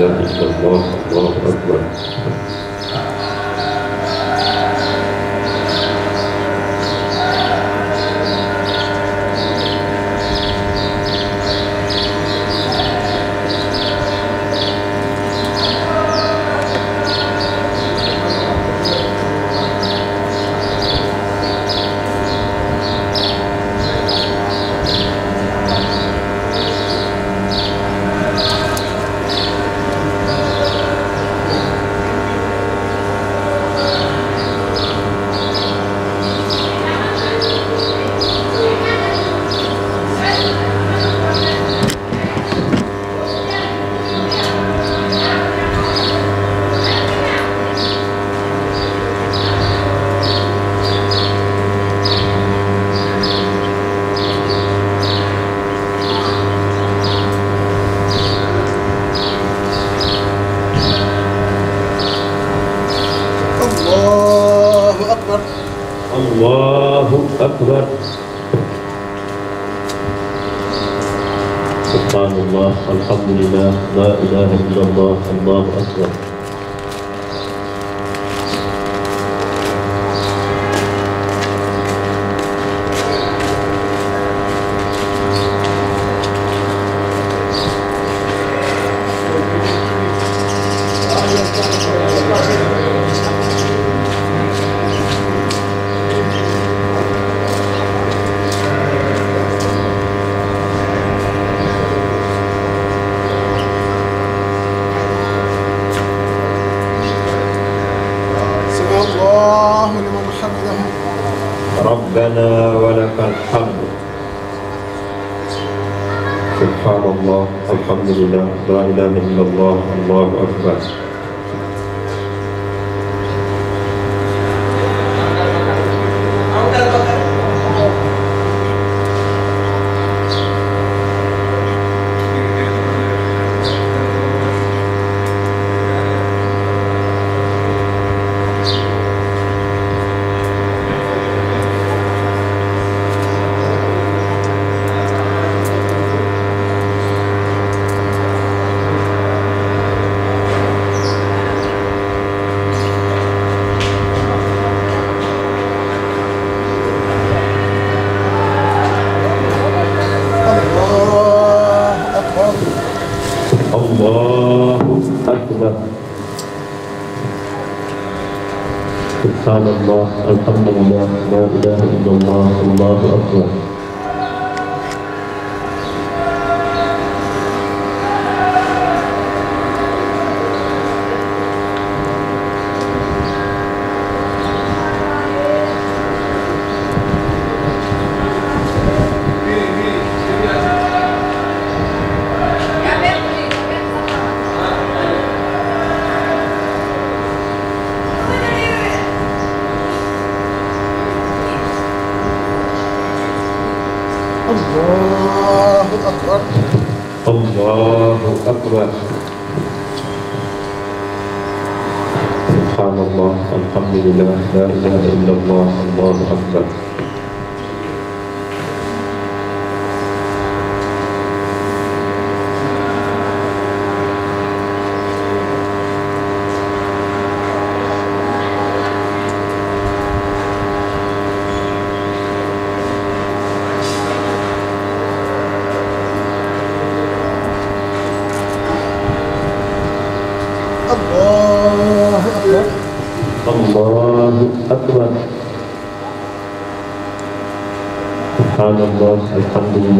de es ربنا ولك الحمد سبحان الله الحمد لله لا إله إلا الله الله أكبر Gracias.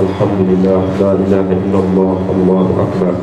الحمد لله لا إله إلا الله الله أكبر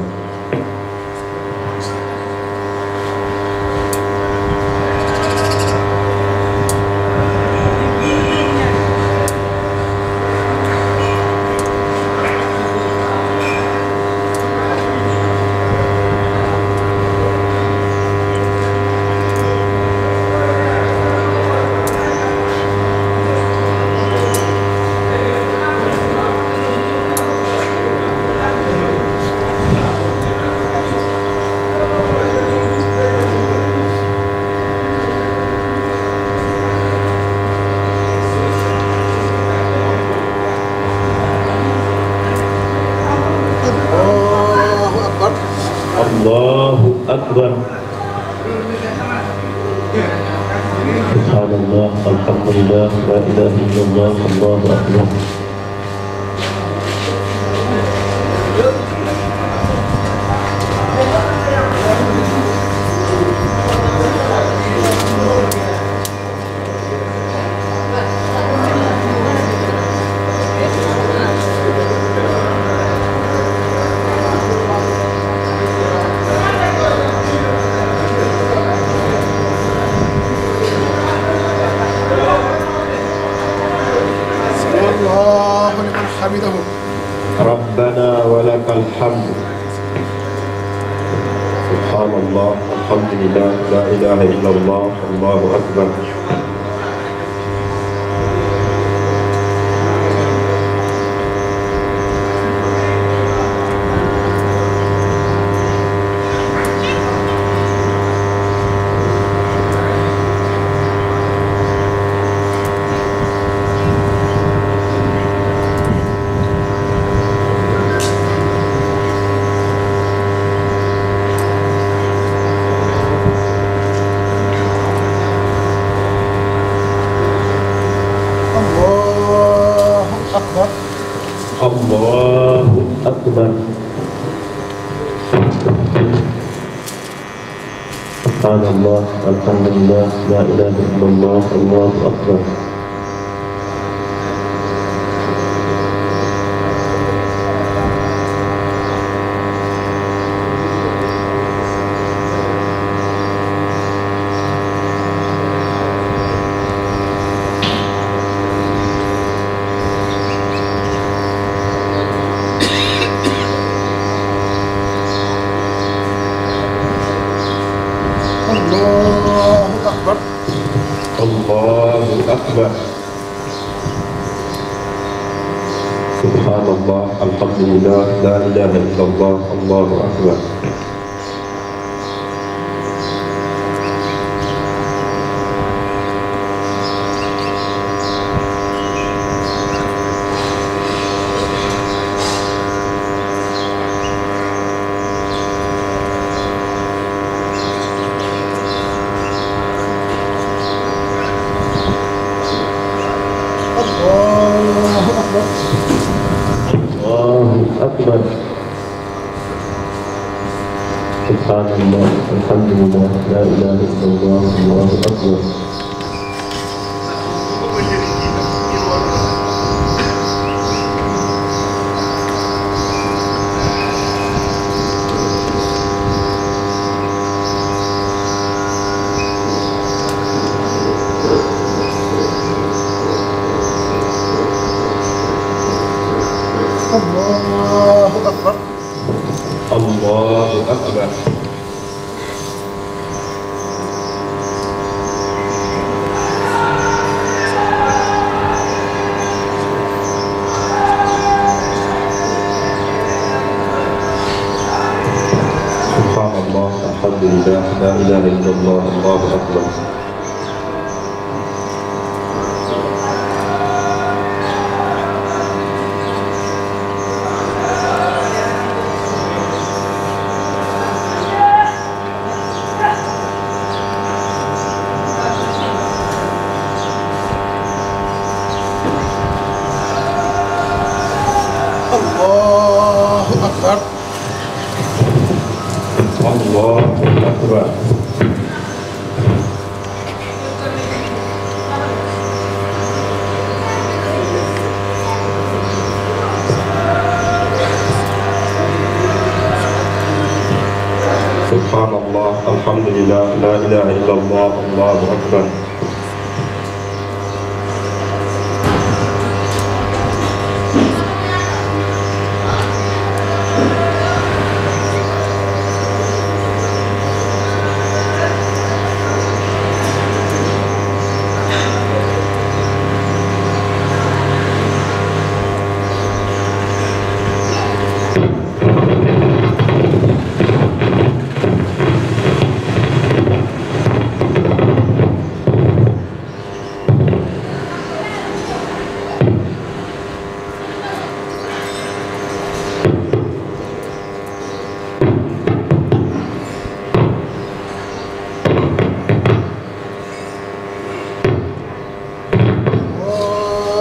من لله لا إله إلا الله الله أكبر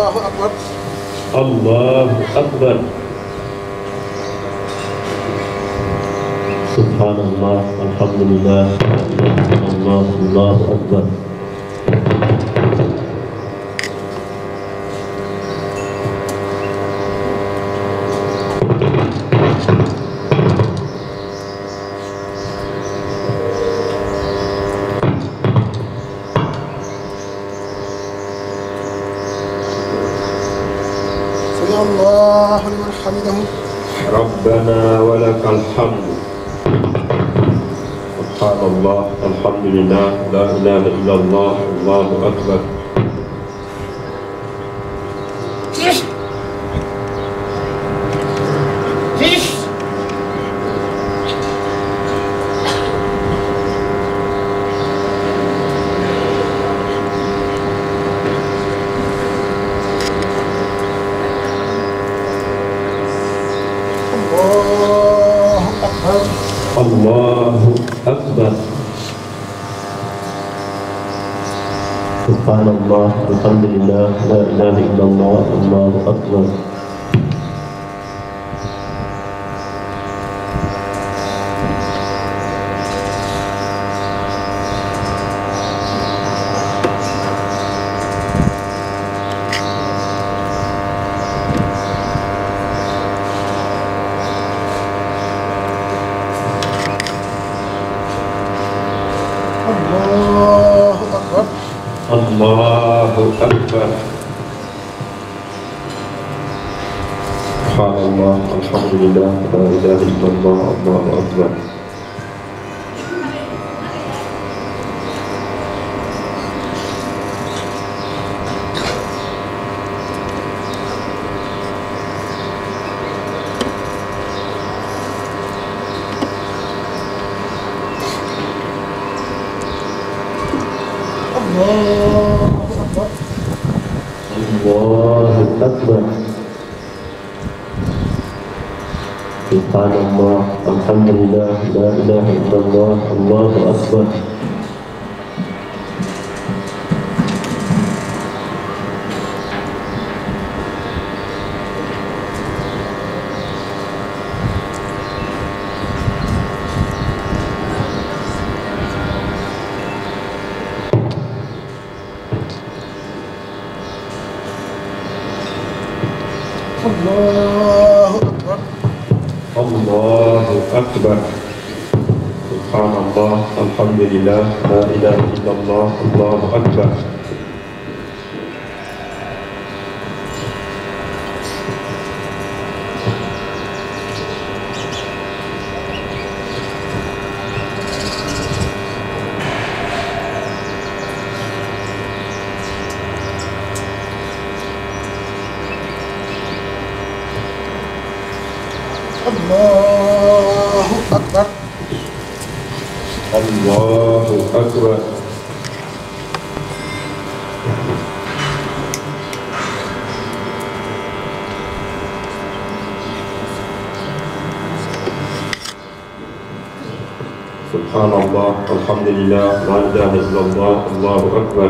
الله أكبر الله أكبر سبحان الله الحمد لله الله الله أكبر ولك الحمد سبحان الله الحمد لله لا إله إلا الله الله أكبر الحمد لله لا إله إلا الله الله أكبر tutto il الله أكبر لله لا إله إلا الله الله أكبر الله أكبر الله أكبر سبحان الله الحمد لله لا إله إلا الله الله أكبر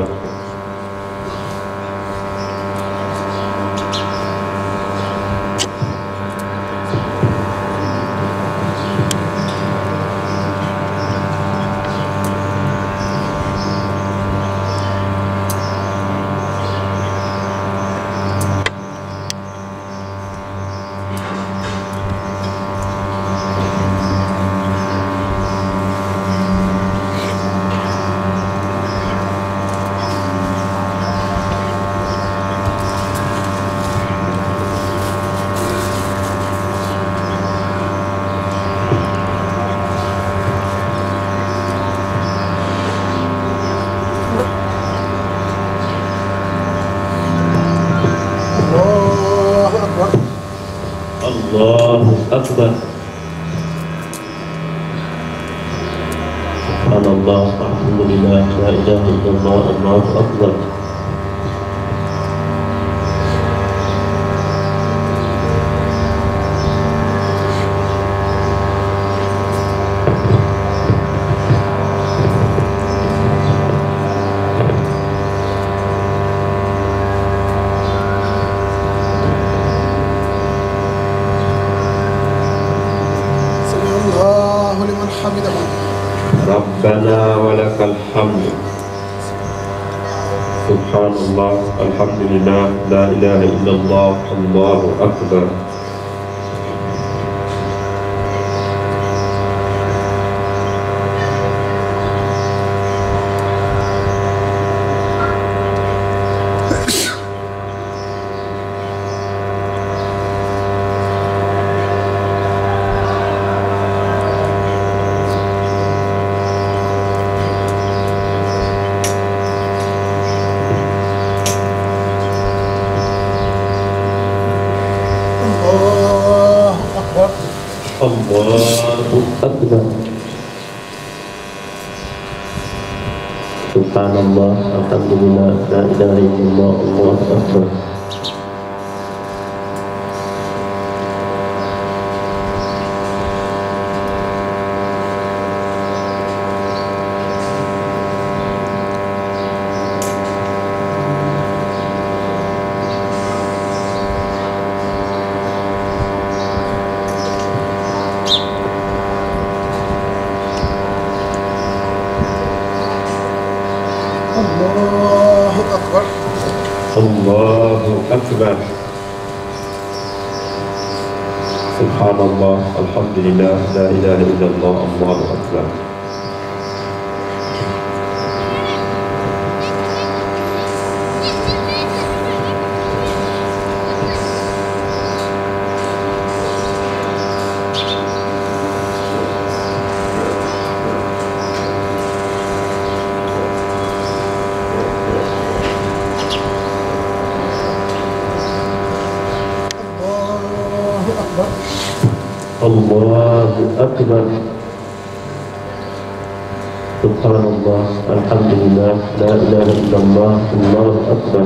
إله إلا الله عليكم الله الله أكبر الله أكبر سبحان الله الحمد لله لا إله إلا الله الله أكبر الله أكبر سبحان الله الحمد لله لا إله إلا الله الله أكبر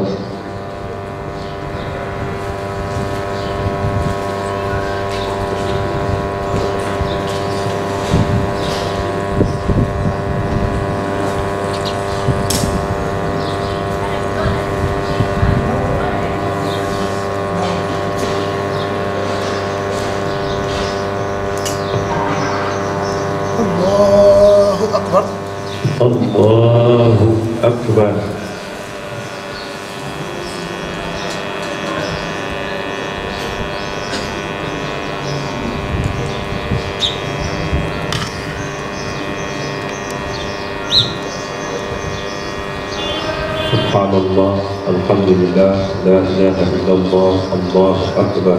الله أكبر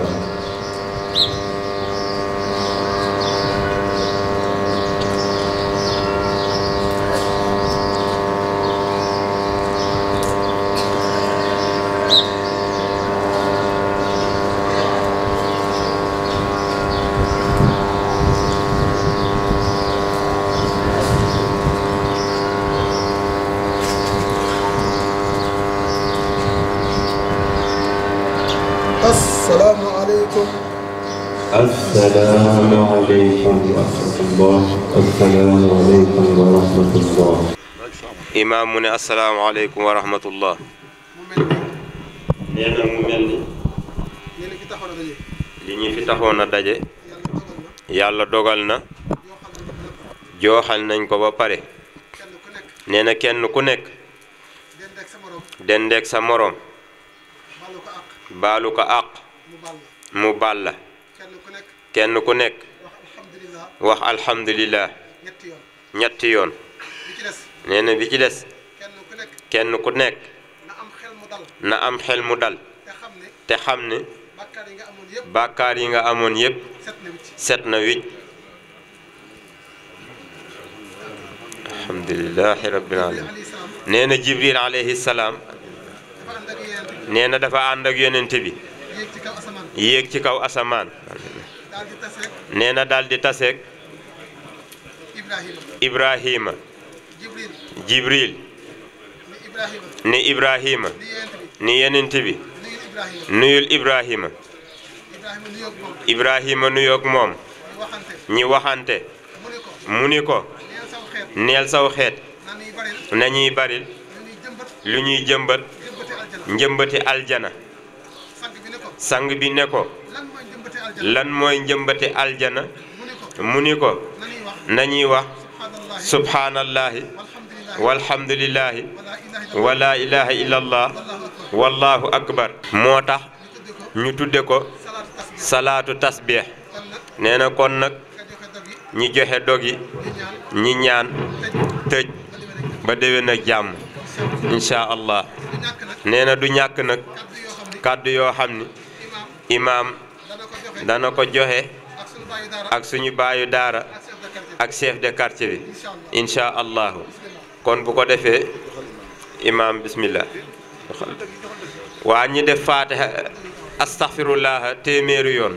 imaam mu ne asalaamaaleykum wa rahmatullah nee na mu mel ni li ñu fi taxoon a daje yàlla dogal na jooxal nañ ko ba pare nee na kenn ku nekk dendeeg sa moroom baalu ko àq mu baal la kenn ku nekk wax alhamdulillah ñetti yoon nee na bi ci des kenn ku nekk na am xel mu dal te xam ni bàkkaar yi nga amoon yépp set na wicc alhamdulilahi nee na jibril alayhi salaam nee na dafa ànd ak yonent bi yéeg ci kaw asamaan nee na daal di taseeg ibrahima jibril ni ibrahima ni yenent bi nuyul ibrahima ibrahima nuyoog moom ñi waxante mu ni ko neel saw xeet nañuy baril lu ñuy jëmbat njëmbati aljana sang bi ne ko lan mooy njëmbati aljana mu ni ko nañuy wax subhaanallahi walhamdulillahi wa laa ilaha illa wallahu akbar moo tax ñu tudde ko salaatu tasbih nee na kon nag ñi joxe dog yi ñi ñaan tëj ba déwén na jàmm incha allah nee na du ñàkk nag kàddu yoo xam ni imaam dana ko joxe ak suñu baayu daara ak chef de quartier bi insha allah kon bu ko defé imam bismillah wa ñi def fatiha astaghfirullah téeméeri yon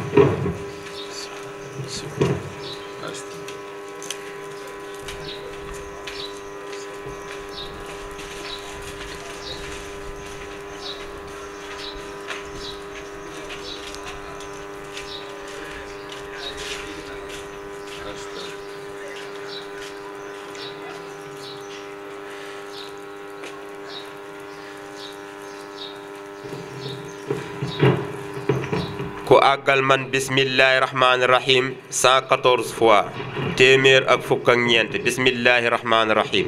Thank you. rappel man bismillahir rahmanir rahim 114 fois temer ak fukk ak ñeent bismillahi rahmaani rahim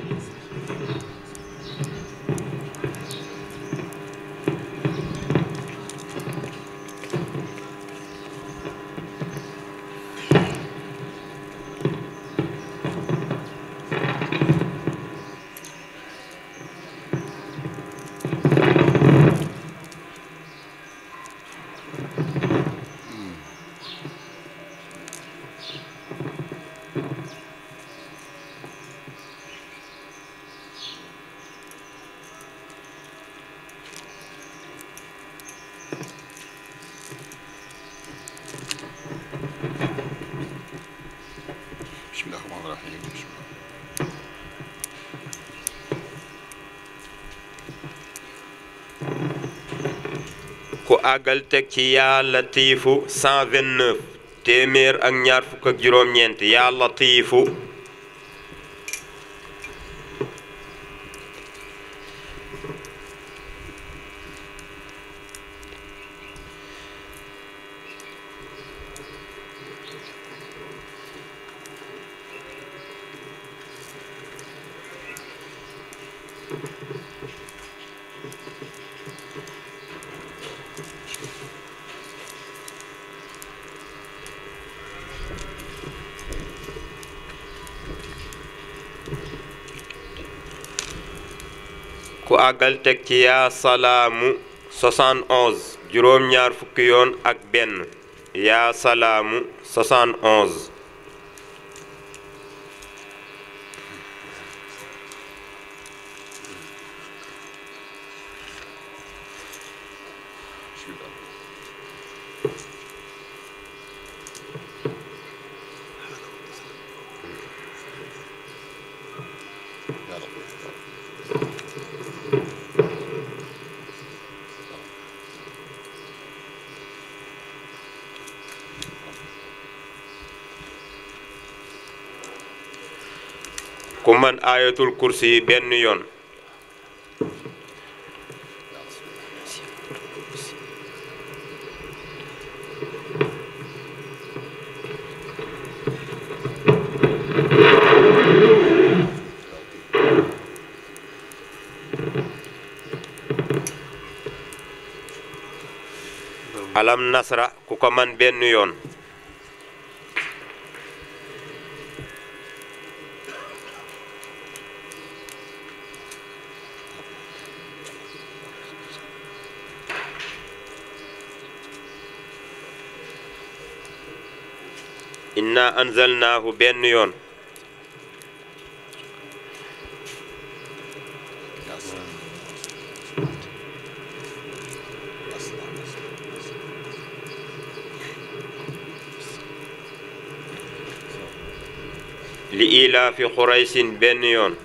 àggal teg ci yaa latiifu 129 téeméer ak ñaar fukk ak juróom-ñeent yaa latiifu àggal teg ci yaa salaamu 71 juróom-ñaar fukki yoon ak benn yaa salaamu 71 ayatul kursi ben yon alam nasra ku ko man benn أنزلناه بين يون لإيلا في قريش بين يون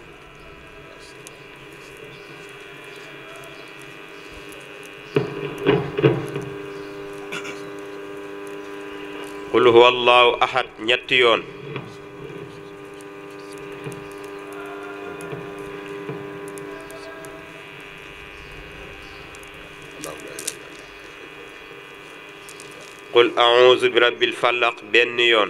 قل هو الله أحد ñetti yoon qul auzu bi rabbil falaq benn yoon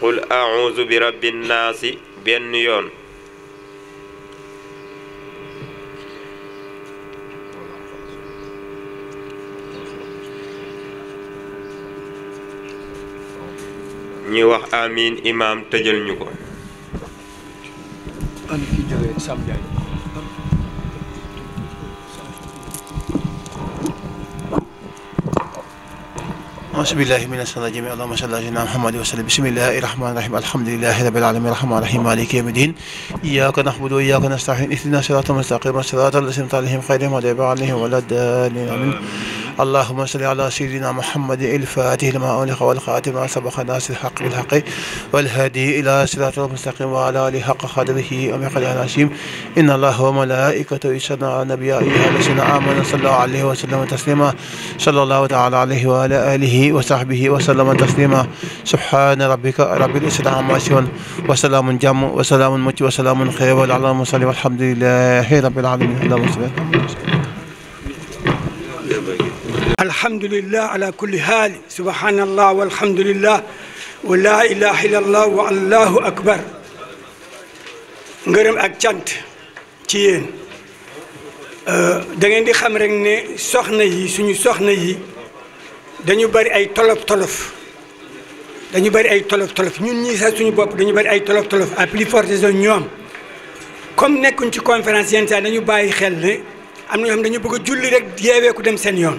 qul auzu bi rabbin naasi benn yoon ñi wax amin imam amiin imaam tëjal ñu ko أعوذ بالله من الشيطان الرجيم اللهم صل على سيدنا محمد وسلم بسم الله الرحمن الرحيم الحمد لله رب العالمين الرحمن الرحيم مالك يوم الدين إياك نعبد وإياك نستعين اهدنا صراط المستقيم صراط الذين أنعمت عليهم غير المغضوب عليهم ولا الضالين آمين اللهم صل على سيدنا محمد الفاتح لما أغلق والخاتم ما سبق الناس الحق بالحق والهادي إلى صراط المستقيم وعلى آله حق قدره ومقداره العظيم إن الله وملائكته يصلون على النبي يا أيها الذين آمنوا صلوا عليه وسلم تسليما صلى الله تعالى عليه وعلى آله وصحبه وسلم تسليما سبحان ربك رب العزة عما يصفون وسلام جم وسلام مت وسلام خير على المرسلين والحمد لله رب العالمين اللهم صل وسلم الحمد لله على كل حال سبحان الله والحمد لله ولا اله الا الله والله اكبر ngeureum ak tiant ci yéen euh da ngeen di xam rek ne soxna yi suñu soxna yi dañu bari ay tolof tolof dañu bari ay tolof tolof ñun ñi sa suñu bop dañu bari ay tolof tolof à plus forte raison ñom comme nekkuñ ci conférence yenta dañu bàyyi xel ne am ñu xam dañu bëgg julli rek yewé ku dem seen yoon.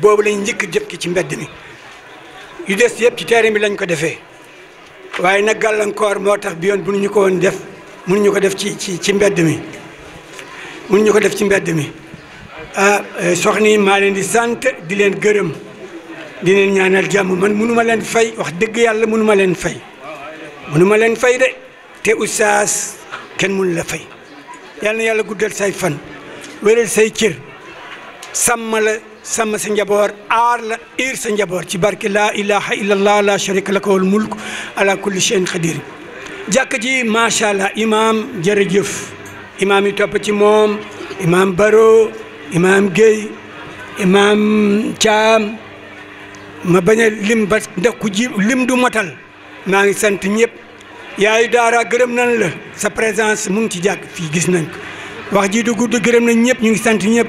boobu lañ njëkk jëf ki ci mbedd mi yu des yëpp ci terrain bi lañ ko defee waaye nag gàllankoor moo tax bi yoon bu ñu ko woon def mënuñu ko def ci ci ci mbedd mi mënuñu ko def ci mbedd mi ah eh, soxna yi maa leen di sant di leen gërëm di leen ñaanal jàmm man mënuma leen fay wax dëgg yàlla mënuma leen fay mënuma leen fay de te oustaz kenn mënu la fay yàlla na yàlla guddal say fan wéral say cër sàmm la sàmm sa njaboot aar la iir sa njaboot ci barke laa ilaha illallah la sharika laka wal mulk ala kulli shay'in qadir jàkk ji macha allah imaam jërëjëf imaam yi topp ci moom imaam Baro imaam Guèye imaam Thiam ma bañ a lim ba ndekku ji lim du motal maa ngi sant ñëpp yaayu daara gërëm nañ la sa présence mu ngi ci jàkk fii gis nañ ko wax ji du gudd gërëm nañ ñëpp ñu ngi sant ñëpp